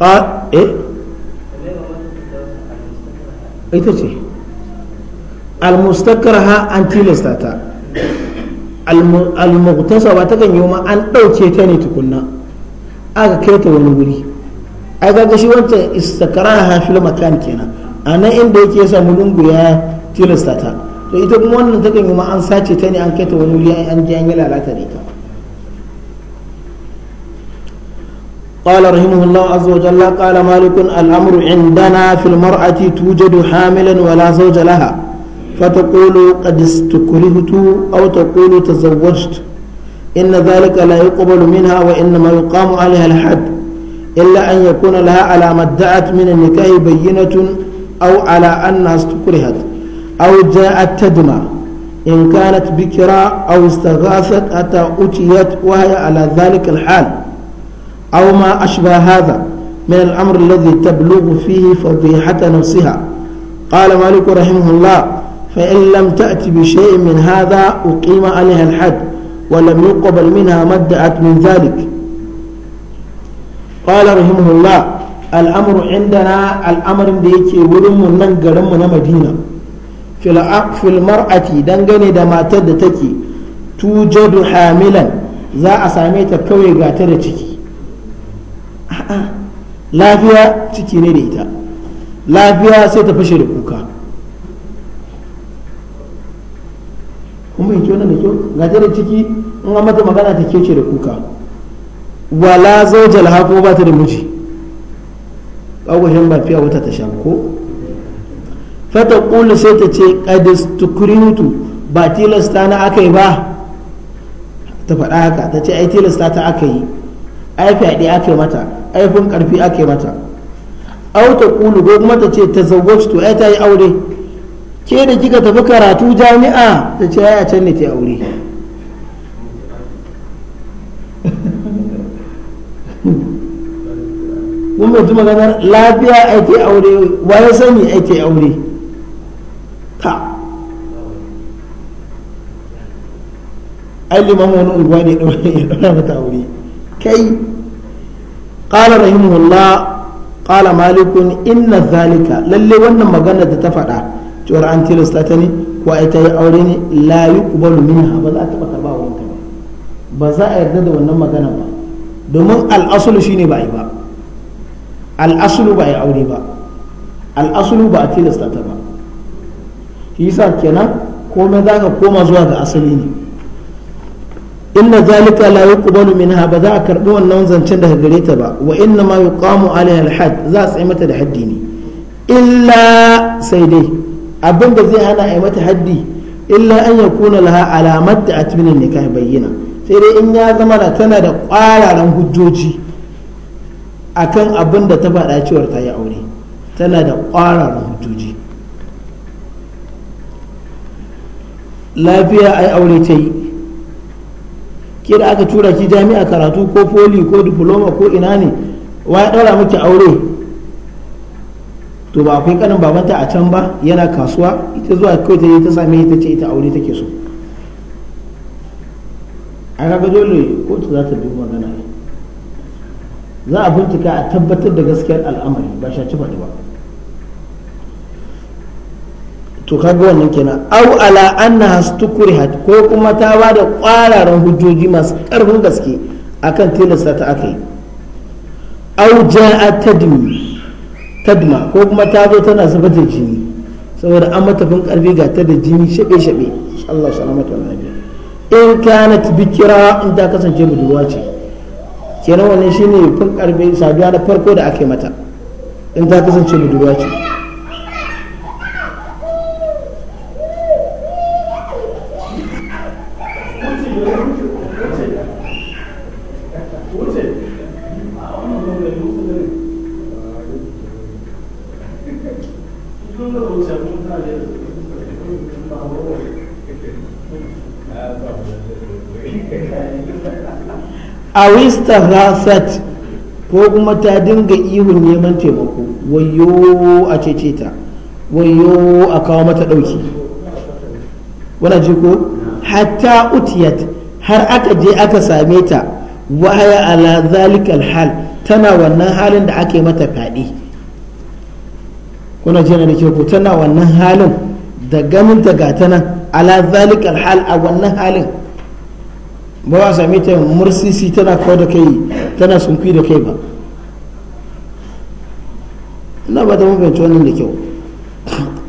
Speaker 1: qa eh ita ce almustakraha an tilasta ta almuhtasa ba takan yi ma an ɗauke ta ne tukunna aka kai ta wani wuri ai ga shi wancan istakraha fil makan kenan a nan inda yake ya samu lungu ya tilasta ta to ita kuma wannan takan yi ma an sace ta ne an kai ta wani wuri an ji an yi lalata da ita قال رحمه الله عز وجل قال مالك الأمر عندنا في المرأة توجد حاملا ولا زوج لها فتقول قد استكرهت أو تقول تزوجت إن ذلك لا يقبل منها وإنما يقام عليها الحد إلا أن يكون لها على ما ادعت من النكاح بينة أو على أنها استكرهت أو جاءت تدمى إن كانت بكرا أو استغاثت أتى أتيت وهي على ذلك الحال أو ما أشبه هذا من الأمر الذي تبلغ فيه فضيحة نفسها قال مالك رحمه الله فإن لم تأت بشيء من هذا أقيم عليها الحد ولم يقبل منها ما ادعت من ذلك قال رحمه الله الأمر عندنا الأمر ديكي ورم ننقرم مدينة في المرأة دنغني دما تدتكي توجد حاملا za a same ta kawai gata da ciki lafiya ciki ne da ita lafiya sai ta fashe da kuka kun fahimci da kyau ga ta da ciki in an mata magana ta kece da kuka wala zaujal ha kuma ba ta da miji shan ba fiya wata ta sha ko fata kula sai ta ce kadis tukurinutu ba tilasta na aka yi ba ta faɗa haka ta ce ai tilasta ta aka yi ai fyaɗe aka yi mata ai fin ƙarfi aka yi mata auta kulu ko kuma ta ce ta zawwajtu ai ta yi aure ke da kika tafi karatu jami'a da ce ya can ne ta aure mun mutu maganar lafiya ake aure waye sani ake aure ta ai liman wani unguwa ne ya ɗaura mata aure kai قال رحمه الله قال مالك إن ذلك للي ون مغنى تتفقى cewar an tilasta ta ne ko ai ta yi aure ne la yuqbalu minha ba za ta ba karba wurin ba ba za a yarda da wannan magana ba domin al'asulu shine ba yi ba al'asulu ba yi aure ba al'asulu ba a tilasta ta ba shi yasa kenan komai za ka koma zuwa ga asali ne inna zalika la yuqbalu minha ba za a karbi wannan zancen daga gare ta ba wa inna ma yuqamu alaiha al-hadd za a tsaye mata da haddi ne illa sai dai abin da zai hana a mata haddi illa an ya kuna laha alamar da atminin nikah bayyana sai dai in ya zama da tana da kwararan hujjoji akan abin da ta faɗa cewar ta yi aure tana da kwararan hujjoji lafiya ai aure ta yi ke aka tura ki jami'a karatu ko foli ko diploma ko ina ne wa ya ɗaura miki aure to ba akwai kanin babanta a can ba yana kasuwa ita zuwa kawai ta je ta same ta ce ita aure take so a kaga dole kotu za ta bi magana za a bincika a tabbatar da gaskiyar al'amari ba ci faɗi ba to kaga wannan kenan au ala annaha stukrihat ko kuma ta ba da kwararan hujjoji masu karfin gaske akan tilasta ta akai au ja'a tadmi tadma ko kuma ta zo tana zubar da jini saboda an matafin karfi ga ta da jini shabe shabe. Allah salamatu wa nabi in kanat bikira in ta kasance budurwa ce kenan wannan shine fin karfi sabiya na farko da ake mata in ta kasance budurwa ce rasat ko kuma ta dinga ihun neman taimako wayo a cece ta wayo a kawo mata ɗauki wana ji ko hatta utiyat har aka je aka same ta waya ala zalikal hal tana wannan halin da ake mata fadi, kuna jina da kyau tana wannan halin da ganin ta ga tana ala zalikal hal a wannan halin ba wa sami ta mursisi tana kawo da kai tana sunfi da kai ba ina ba ta mafi wannan da kyau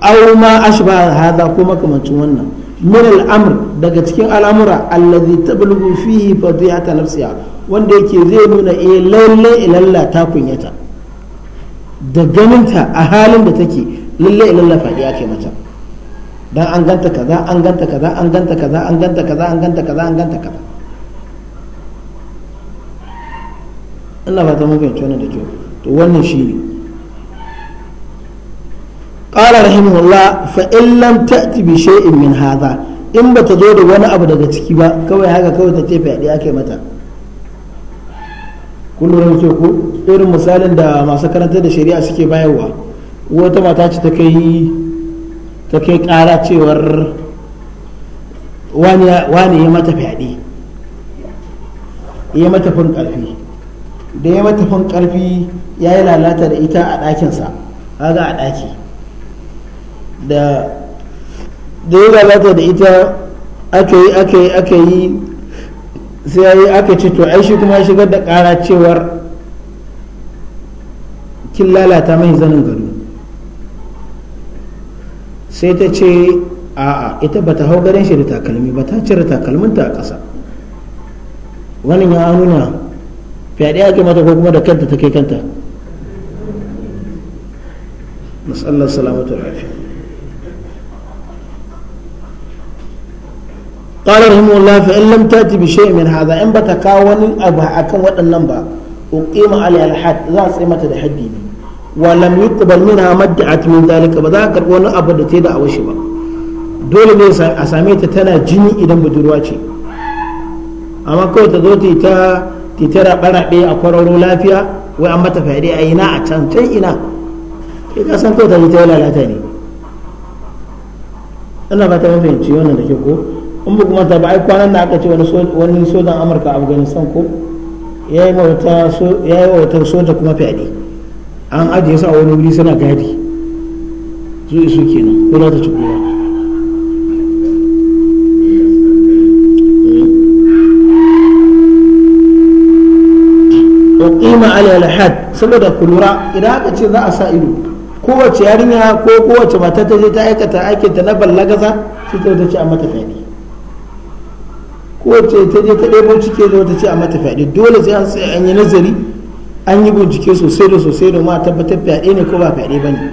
Speaker 1: aw ma ashba hada ko makamancin wannan min al'amr daga cikin al'amura allazi tablughu fihi fadiyata nafsiha wanda yake zai nuna eh lalle ilalla ta kunyata da ganinta a halin da take lalle ilalla fadiya ke mata dan an ganta kaza an ganta kaza an ganta kaza an ganta kaza an ganta kaza an ganta kaza Allah ba ta mafi wani da kyau to wannan shi ne ƙara rahimahullah fa in lam ta'ti bi shay'in min hadha in bata zo da wani abu daga ciki ba kawai haka kawai ta ce fyaɗe ake mata kun lura da ko irin misalin da masu karantar da shari'a suke bayarwa wata mata ce ta kai ta kai ƙara cewar wani ya mata fyaɗe ya mata fin ƙarfi da ya mata fin karfi ya yi lalata da ita a ɗakinsa ga a ɗaki da ya lalata da ita aka yi aka yi aka yi sai yi, aka ce to ai shi kuma shigar da ƙara cewar kin lalata mai zanin gado sai ta ce a'a ita bata hau garin shi da takalmi ba ta cire takalminta a ƙasa wannan ya nuna fyaɗe ake mata ko kuma da kanta ta kai kanta masallar salamatu rafi ƙarar himon lafi in lam ta tibi shi min in ba ta kawo wani abu a kan waɗannan ba ko ƙima ali alhad za a tsaye mata da hajji ne wa lam yi ƙubar min ha madda a timin ba za a karɓi wani abu da ta yi da awashi ba dole ne a same ta tana jini idan budurwa ce amma kawai ta zo ta yi ki tara barabe a kwararo lafiya wai an mata fyaɗe a ina a can can ina ke kasan san kawai ta yi ta lalata ne ana ba ta fahimci wannan da ke ko in bu kuma ta ba ai kwanan da aka ce wani sojan amurka a afghanistan ko ya yi wata soja kuma fyaɗe an ajiye su a wani wuri suna gadi su kenan ko za ta ci kowa yuqimuna alal had saboda ku lura idan aka ce za a sa ido kowace yarinya ko kowace mata ta je ta aikata aikin ta na ballagaza sai ta ce a mata fyaɗe kowace ta je ta ɗebo cike zo ta ce a mata fyaɗe dole sai an sai an yi nazari an yi bincike sosai da sosai da a tabbatar fyaɗe ne ko ba fyaɗe ba ne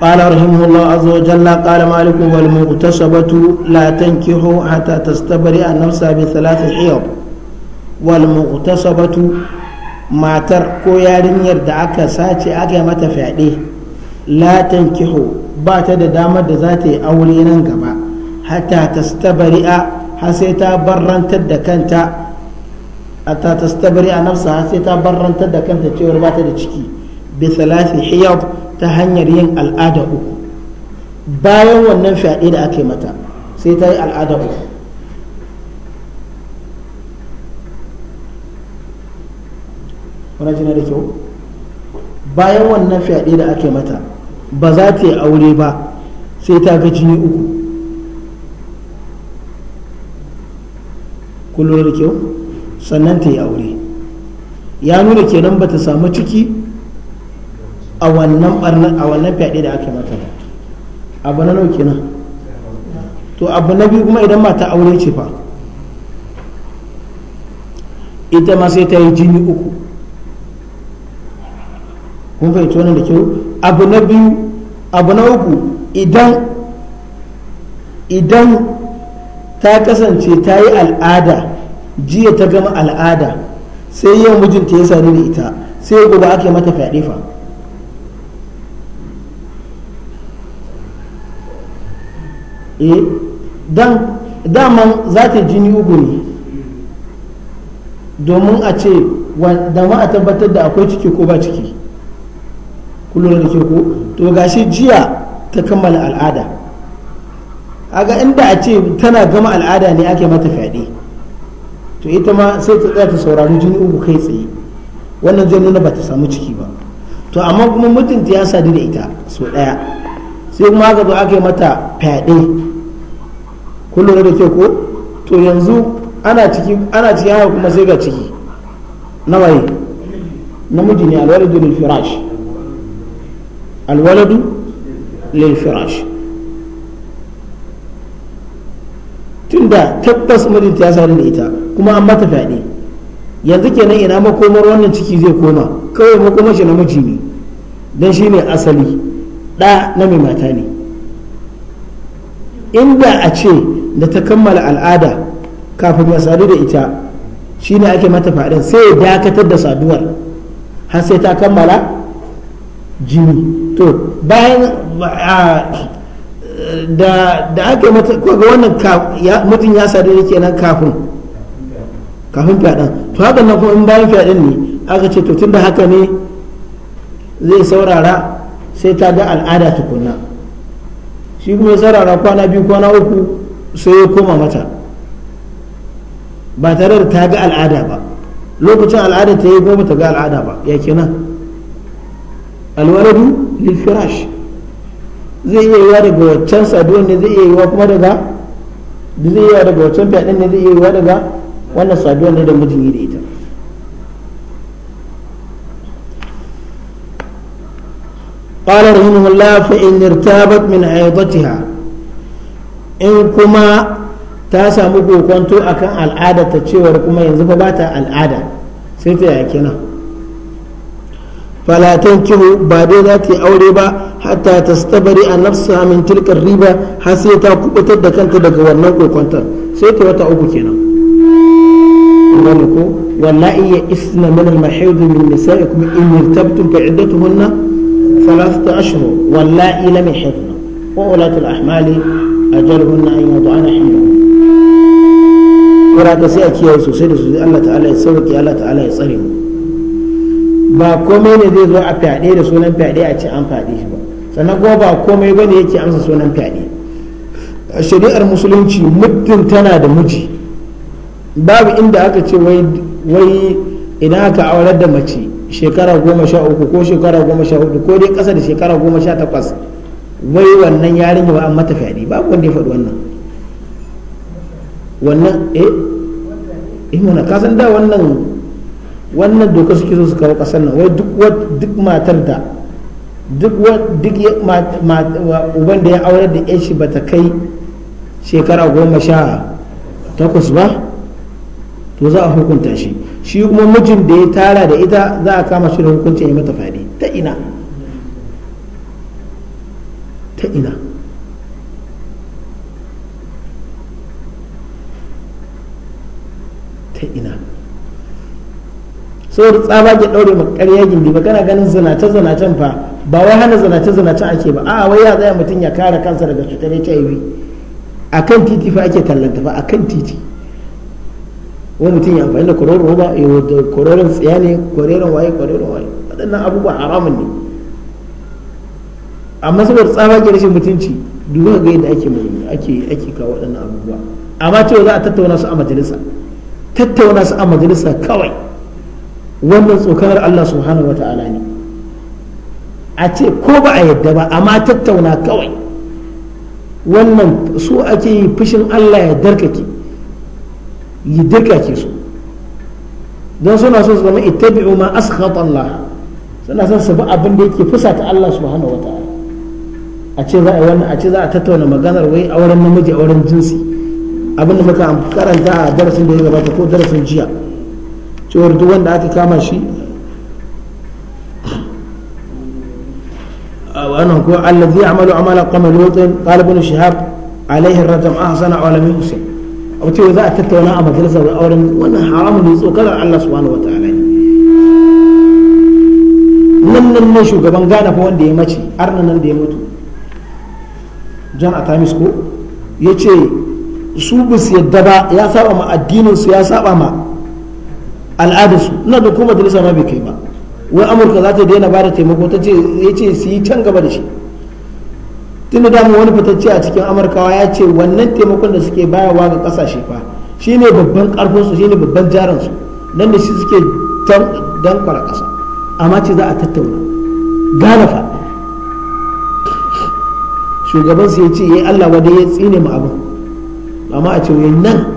Speaker 1: قال رحمه الله عز وجل قال مالك والمغتصبة لا تنكحوا حتى تستبرئ نفسها بثلاث حيض walmuktasabatu matar ko yarinyar da aka sace aka yi mata fyaɗe latin kiho ba ta da damar da za ta yi aure nan gaba hatta tastabari'a sai ta barrantar da kanta hatta nafsa sai ta barrantar da kanta cewar ba ta da ciki bisa salasi hiyab ta hanyar yin al'ada uku bayan wannan fyaɗe da aka yi mata sai ta yi al'ada uku kuna jina da kyau bayan wannan fyaɗe da ake mata ba za ta yi aure ba sai ta ga jini uku kullum da kyau sannan ta yi aure ya nuna kenan ba ta samu ciki a wannan fyaɗe da ake mata ba abu na nauki nan to abu na biyu kuma idan mata aure ce fa ita ma sai ta yi jini uku kun fahimci wannan da kyau abu na biyu abu na uku idan idan ta kasance ta yi al'ada jiya ta gama al'ada sai yau mijinta ya sadu da ita sai gobe ake mata fyaɗe fa e dan daman za ta jini ugu ne domin a ce da ma a tabbatar da akwai ciki ko ba ciki kullum da ke ko to gashi jiya ta kammala al'ada aga inda a ce tana gama al'ada ne ake mata fyaɗe to ita ma sai ta tsaya ta saurari jini uku kai tsaye wannan zai nuna ba ta samu ciki ba to amma kuma mutunta ya sadu da ita sau ɗaya sai kuma aka zo aka mata fyaɗe kullum da ke ko to yanzu ana ciki ana ciki haka kuma sai ga ciki nawaye namiji ne alwalidul firash alwaladu lil tunda tabbas mijinta ya sadu da ita kuma an mata fyaɗe yanzu kenan ina makomar wannan ciki zai koma kawai makomar shi namiji ne don shi ne asali ɗa na mai mata ne inda a ce da ta kammala al'ada kafin ya sadu da ita shi ne ake mata fyaɗe sai ya dakatar da saduwar har sai ta kammala jini to bayan da aka ake mata ga wannan mutum ya sadu ne kenan kafin kafin fyaɗan to haka na kuma bayan fyaɗe ne aka ce to tun da haka ne zai saurara sai ta ga al'ada tukunna shi kuma saurara kwana biyu kwana uku sai ya koma mata ba tare da ta ga al'ada ba lokacin al'ada ta yi goma ta ga al'ada ba ya kenan alwaladu lil firash zai iya yiwa daga waccan saduwar ne zai iya yiwa kuma daga zai iya daga waccan fyaɗen ne zai iya yiwa daga wannan saduwar ne da mijin yi da ita قال رحمه الله فإن ارتابت من عيضتها in kuma ta samu kokonto akan al'ada ta cewar kuma yanzu ba ta al'ada sai ta yake nan fala tankihu ba dai za ta yi aure ba hatta ta stabari a nafsa min tilkar riba har sai ta kubutar da kanta daga wannan kokwantar sai wata uku kenan wani ko wallahi ya isna min al-mahid min nisa'ikum in irtabtum fa iddatuhunna thalathata ashhur wallahi sai a kiyaye sosai da sosai Allah ta'ala ya sauke Allah ta'ala ya tsare mu ba komai ne zai zo a fyaɗe da sunan fyaɗe a ce an fyaɗe shi ba sannan kuma ba komai ba ne yake amsa sunan fyaɗe a shari'ar musulunci muddin tana da miji babu inda aka ce wai idan aka aurar da mace shekara goma sha uku ko shekara goma sha hudu ko dai ƙasa da shekara goma sha takwas wai wannan yarinya ba an mata fyaɗe babu wanda ya faɗi wannan wannan eh eh mana kasan da wannan wannan doka suke so su kawo kasar nan wai duk matar da duk uban da ya aure da ya shi bata kai shekara goma sha takwas ba to za a hukunta shi shi kuma mijin da ya tara da ita za a kama shi da hukuncin ya mata fadi ta ina ta ina ta ina da tsaba ke daure maka ƙarya gindi ba kana ganin zanace zanacen fa ba wai hana zanace zanacen ake ba a'a wai ya zaya mutum ya kare kansa daga cutar HIV akan titi fa ake tallanta a akan titi wani mutum ya amfani da kororon roba da kororon tsaya ne kororon waye kororon waye waɗannan abubuwa haramun ne amma saboda tsaba ke rashin mutunci duka ga yadda ake ake ake kawo waɗannan abubuwa amma cewa za a tattauna su a majalisa tattauna su a majalisa kawai wannan tsokanar Allah subhanahu wa ta'ala ne a ce ko ba a yadda ba amma tattauna kawai wannan su ake yi fushin Allah ya darkake yi darkake su don suna so su zama ittabi'u ma askhata Allah suna son su bi abin da yake fusata Allah subhanahu wa ta'ala a ce za a wannan a ce za a tattauna maganar wai auren namiji auren jinsi abin da muka karanta a darasin da ya gabata ko darasin jiya cewar duk wanda aka kama shi wannan ko allazi amalu amala qamal lutin qala ibn shihab alaihi rajam ahsana wa lam yusin abu ce za a tattauna a majalisar auren wannan haramun ne tsokalar Allah subhanahu wataala ne nan nan ne shugaban gana fa wanda ya mace arna nan da ya mutu jan atamis ko ya ce su bis yadda ba ya saba ma addinin su ya saba ma al'adarsu na da ko majalisa ma bai kai ba wai amurka za ta daina da taimako ta ce ya ce su yi can gaba da shi tun da wani fitacce a cikin amurkawa ya ce wannan taimakon da suke bayarwa ga kasashe fa shine babban karfinsu shine babban jaransu nan da shi suke dan kwara kasa amma ce za a tattauna gane fa shugabansu ya ce ya Allah wadai ya tsine mu abin amma a ce wai nan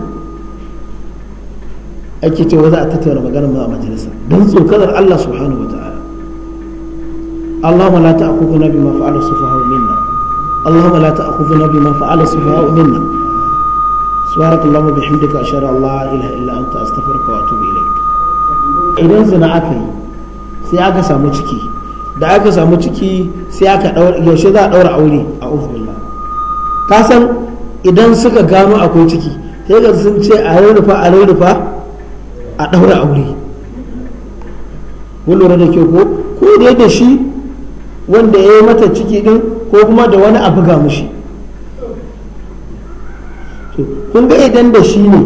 Speaker 1: ake cewa za a tattauna magana ma a majalisa don tsokanar Allah subhanahu wa ta'ala Allahumma la ta'khudhna bima fa'ala sufaha'u minna Allahumma la ta'khudhna bima fa'ala sufaha'u minna subhanakallahumma bihamdika ashhadu an la ilaha illa anta astaghfiruka wa atubu ilayk idan zina aka yi sai aka samu ciki da aka samu ciki sai aka daura yaushe za a daura aure a uzbillah ka san idan suka gano akwai ciki sai ga sun ce a rurrufa a rurrufa a ɗaura aure wani lura da ke ko ko da yadda shi wanda ya yi mata ciki ɗin ko kuma da wani abu ga mushi kun ga idan da shi ne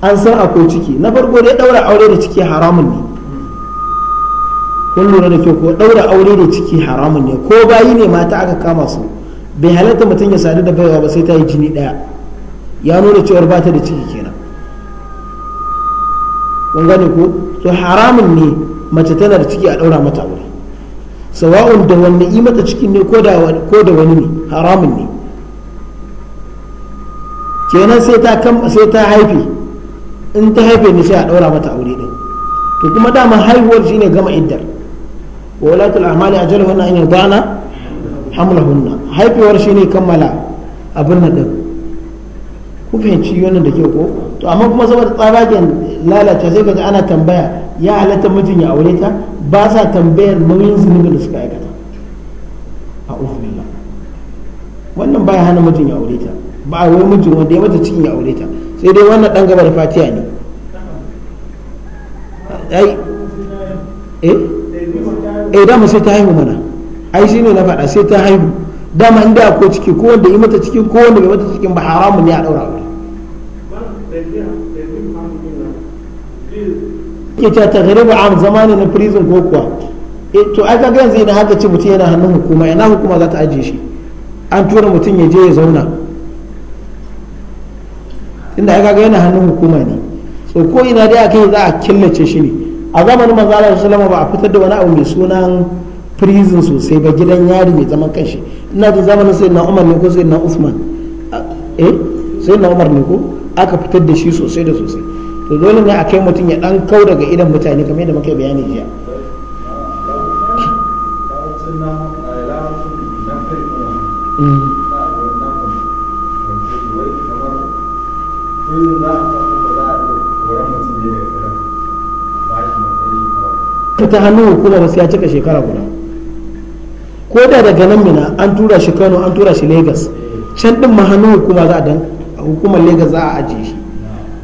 Speaker 1: an san akwai ciki na farko dai ɗaura aure da ciki haramun ne kun lura da ke ko ɗaura aure da ciki haramun ne ko bayi ne mata aka kama su bai halatta mutum ya sadu da baiwa ba sai ta yi jini ɗaya ya nuna cewar ba ta da ciki kenan kun gani ko so haramun ne mace tana da ciki a ɗaura mata aure sawa'un da wanne yi mata cikin ne ko da wani ne haramun ne kenan sai ta sai ta haife in ta haife ne sai a ɗaura mata aure din to kuma dama haihuwar shine gama iddar wa walatul a'mali ajaluhunna an yadana hamlahunna haifewar shine kammala abin nan din ku fahimci wannan da ke ko to amma kuma saboda tsabagen lalata sai kaga ana tambaya ya halatta mutum ya aure ta ba sa tambayar nauyin zunubin da suka aikata a billah wannan baya hana mutum ya aure ta ba a wani mutum wanda ya mata cikin ya aure ta sai dai wannan dan gaba da fatiya ne ai eh eh dama sai ta haihu mana ai shine na faɗa sai ta haihu dama inda ko ciki ko wanda ya mata ciki ko wanda bai mata cikin ba haramun ne a daura ita ta garibu a zama na prison ko kuwa eh, to ai kaga yanzu idan haka ce mutum yana hannun hukuma ina hukuma za ta ajiye shi an tura mutum ya je ya zauna inda ai kaga yana hannun hukuma ne so ko ina dai aka yi za a killace shi ne a zamanin manzo Allah sallallahu ba a fitar da wani abu mai sunan prison sosai ba gidan yari mai zaman kanshi ina da zamanin sai na Umar ne ko sai na Usman eh sai na Umar ne ko aka fitar da shi sosai da sosai to dole ne a kai mutum ya dan kau daga idan mutane kamar yadda muka bayani jiya ta ta hannun hukuma ba ya cika shekara guda ko da daga nan mina an tura shi kano an tura shi lagos can din ma hannun hukuma za a hukumar lagos za a ajiye shi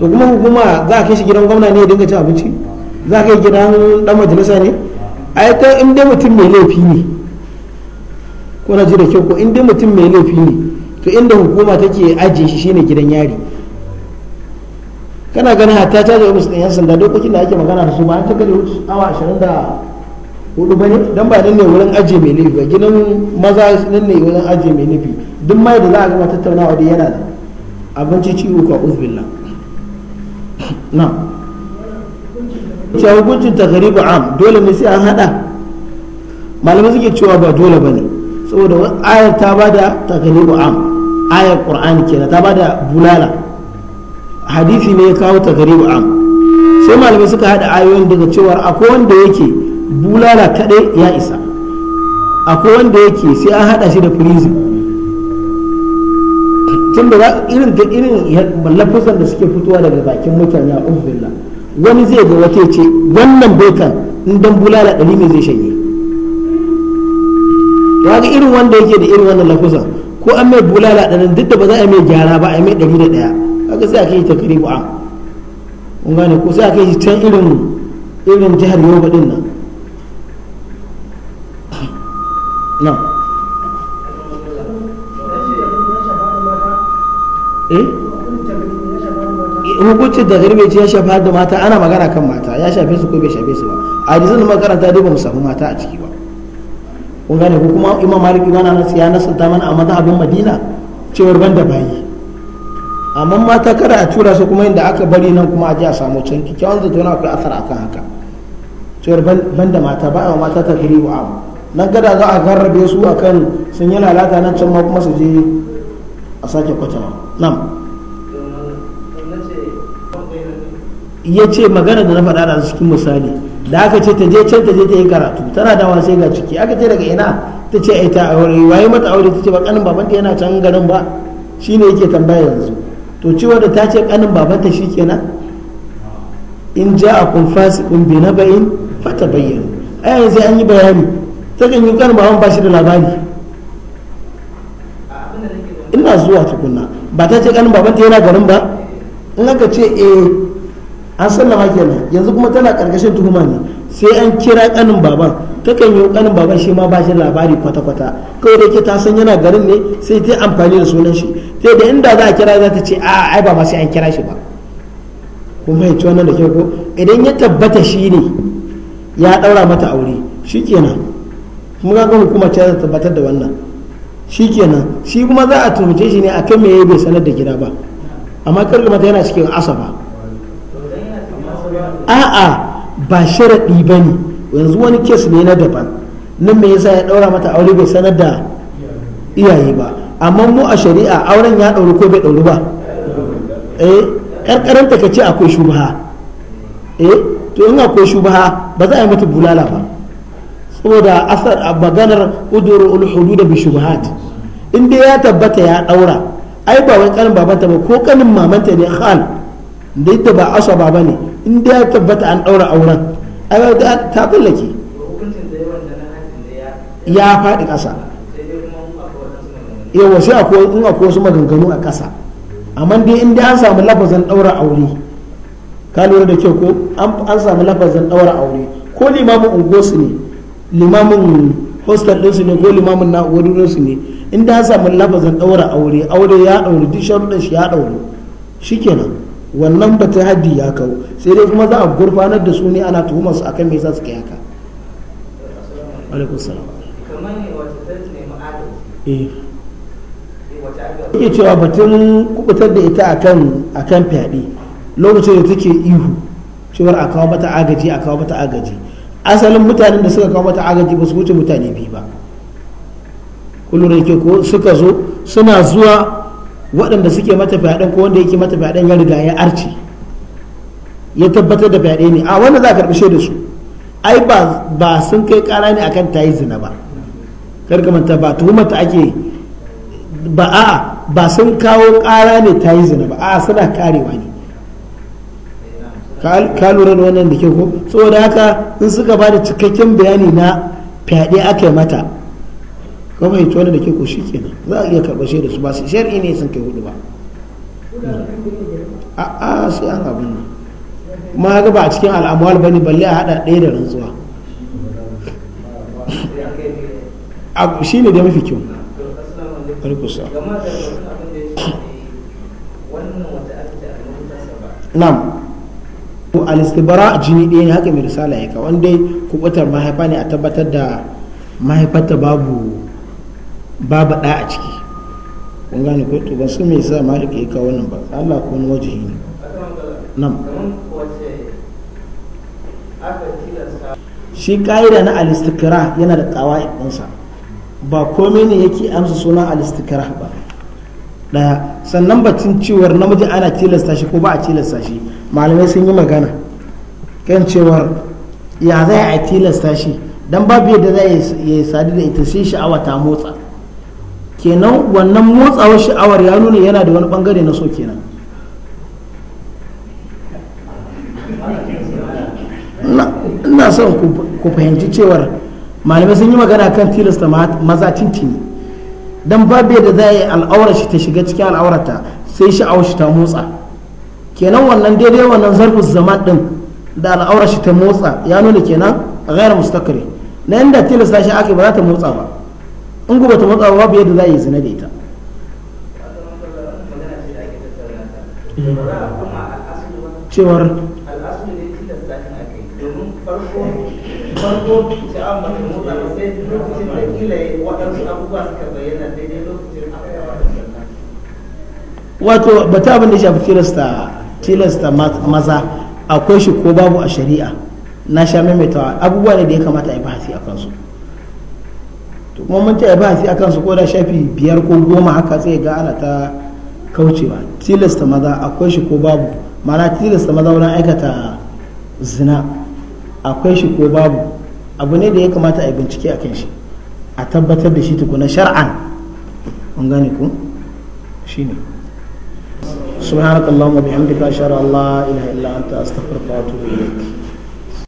Speaker 1: to kuma hukuma za a kai shi gidan gwamna ne ya dinga cin abinci za a kai gidan dan majalisa ne a ta in dai mutum mai laifi ne ko na ji da kyau ko in dai mutum mai laifi ne to inda hukuma take ajiye shi shine gidan yari kana ganin hatta ta da ofis ɗin yan sanda dokokin da ake magana da su ba an ta gani awa ashirin da hudu ba ne dan ba nan ne wurin ajiye mai laifi ba gidan maza nan ne wurin ajiye mai laifi duk mai da za a gama tattaunawa dai yana da abinci ciwo ka uzbillah na cewa hukuncin taghribu am dole ne sai an hada malamai suke cewa ba dole ba ne saboda ayar ta ba da taghribu am ayar ƙur'ani kenan ta ba da bulala hadisi ne ya kawo takaribu am sai malamai suka hada ayoyin daga cewa akwai wanda yake bulala kadai ya isa akwai wanda yake sai an hada shi da prison tun da irin da irin lafazan da suke fitowa daga bakin mutane a uzbillah wani zai ga wata ce wannan baitan in dan bulala ɗari mai zai shanye ya ga irin wanda yake da irin wannan lafazan ko an mai bulala ɗari duk da ba za a mai gyara ba a mai ɗari da ɗaya kaga sai a kai ta karibu a kun gane ko sai a kai can irin irin jihar yoruba ɗin nan Eh? hukuncin da garbe ce ya shafi har da mata ana magana kan mata ya shafe su ko bai shafe su ba a hadisin da makaranta dai ba mu samu mata a ciki ba kun gane ko kuma imam maliki wana siya na nasanta mana a mazhabin madina cewar ban da bayi amma mata kada a tura su kuma inda aka bari nan kuma a ji a samu can kikkiawan zato na akwai asar akan haka cewar ban da mata ba a mata ta gari wa abu nan kada za a garrabe su akan sun yi lalata nan can ma kuma su je a sake kwatawa nam ya ce magana da na faɗa da cikin misali da aka ce ta je can ta je ta yi karatu tana dawa sai ga ciki aka ce daga ina ta ce ai ta aure waye mata aure ta ce ba kanin babanta yana can garin ba shine yake tambaya yanzu to cewa da ta ce kanin babanta shikenan in ja a kun fasi kun bi fata bayyana ai yanzu an yi bayani ta kan yi kanin baban ba shi da labari ina zuwa tukunna ba ta ce kanin babanta yana garin ba in aka ce e an sallama kenan yanzu kuma tana karkashin tuhuma ne sai an kira kanin baban ta kan yi kanin baban shi ma ba shi labari kwata-kwata kawai da ke ta san yana garin ne sai ta amfani da sunan shi sai da inda za a kira za ta ce a ai ba ma sai an kira shi ba kuma mai ci wannan da ke ko idan ya tabbata shi ne ya daura mata aure shikenan kuma ga ka ce za ta tabbatar da wannan shi kenan shi kuma za a tumace shi ne a kan meye bai sanar da gida ba amma karka mata yana cikin asaba a'a ba sharaɗi ba ne yanzu wani kes ne na daban nan me yasa ya ɗaura mata aure bai sanar da iyaye ba amma mu a shari'a auren ya ɗauri ko bai ɗauri ba eh karkaranta ta kace akwai shubha eh to in akwai shubha ba za a yi mata bulala ba saboda asar a maganar udur ul hudud bi shubhat in dai ya tabbata ya daura ai ba wai kanin babanta ba ko kanin mamanta ne khal da ita ba asaba ba ne in dai ya tabbata an daura auren ai ba ta tsallake ya faɗi ƙasa yawa sai in akwai wasu maganganu a ƙasa amma dai in dai an samu lafazan daura aure ka lura da kyau ko an samu lafazan daura aure ko limamin ungosu ne limamin hostel ɗinsu ne ko limamin na wurinsu ne in da samu lafazin ɗaura aure aure ya ɗauri duk sharuɗin shi ya ɗauri shikenan wannan ba ta haddi ya kawo sai dai kuma za a gurfanar da su ne ana tuhumar su akan me yasa suka yaka alaikum salam kamar ne wata ta nemi adalci eh, eh cewa batun kubutar da ita akan akan fyaɗe lokacin da take ihu cewar a kawo mata agaji a kawo mata agaji asalin mutanen da suka kawo mata agaji ba su wuce mutane biyu ba kullum da ke ko suka zo suna zuwa waɗanda suke mata fyaɗen ko wanda yake mata fyaɗen ya riga ya arce ya tabbatar da fyaɗe ne a wanda za a karɓi da su ai ba sun kai ƙara ne akan ta yi zina ba karkamanta ba tuhumata ake ba a ba sun kawo ƙara ne ta yi zina ba a suna karewa ne ka lura da wannan da ke ko saboda haka in suka ba da cikakken bayani na fyaɗe aka yi mata kuma yi wani da ke ko shikenan za a iya karɓar da su ba su shari'i ne sun kai hudu ba a a sai an abin nan kuma ga ba a cikin al'amuwal bane balle a haɗa ɗaya da rantsuwa shi ne da mafi kyau alkusa na'am ko alistibara jini ɗaya ne haka mai risala ya kawo dai kubutar mahaifa ne a tabbatar da mahaifarta babu babu ɗa a ciki kun gane ko to ban so me sa malik ya kawo wannan ba Allah ko wani waje ne nan shi ƙa'ida na alistikara yana da ƙawa ɗinsa ba komai ne yake amsa suna alistikara ba daya sannan batun cewar namiji ana tilasta shi ko ba a tilasta shi malamai sun yi magana kan cewar ya za a tilasta shi dan babu yadda za ya sadu da ita sai sha'awa ta motsa kenan wannan motsawar sha'awar ya nuna yana da wani bangare na so kenan ina son ku fahimci cewar malamai sun yi magana kan tilasta maza tintini don babu da za a yi al'aurar shi ta shiga cikin al'aurata sai shi a ta motsa kenan wannan daidai wannan zarfin zaman din da al'aurar shi ta motsa ya nuna kenan a ghairu mustakare na inda tilasta shi aka ba za ta motsa ba in gobe ta motsa ba babu yadda za a yi zina da ita cewar yi domin farko an motsa sai lokacin da kila waɗansu abubuwa suka bayyana daidai lokacin wato bata abin da shafi tilasta tilasta maza akwai shi ko babu a shari'a na sha maimaitawa abubuwa ne da ya kamata a yi bahasi a kansu to kuma mun ta yi bahasi a kansu ko da shafi biyar ko goma haka sai ga ana ta kaucewa tilasta maza akwai shi ko babu mana tilasta maza wurin aikata zina akwai shi ko babu abu ne da ya kamata a yi bincike a kan shi a tabbatar da shi tukuna shar'an an gane ku shine subhanakallahumma bihamdika ashhadu an la ilaha illa anta astaghfiruka wa atubu ilaik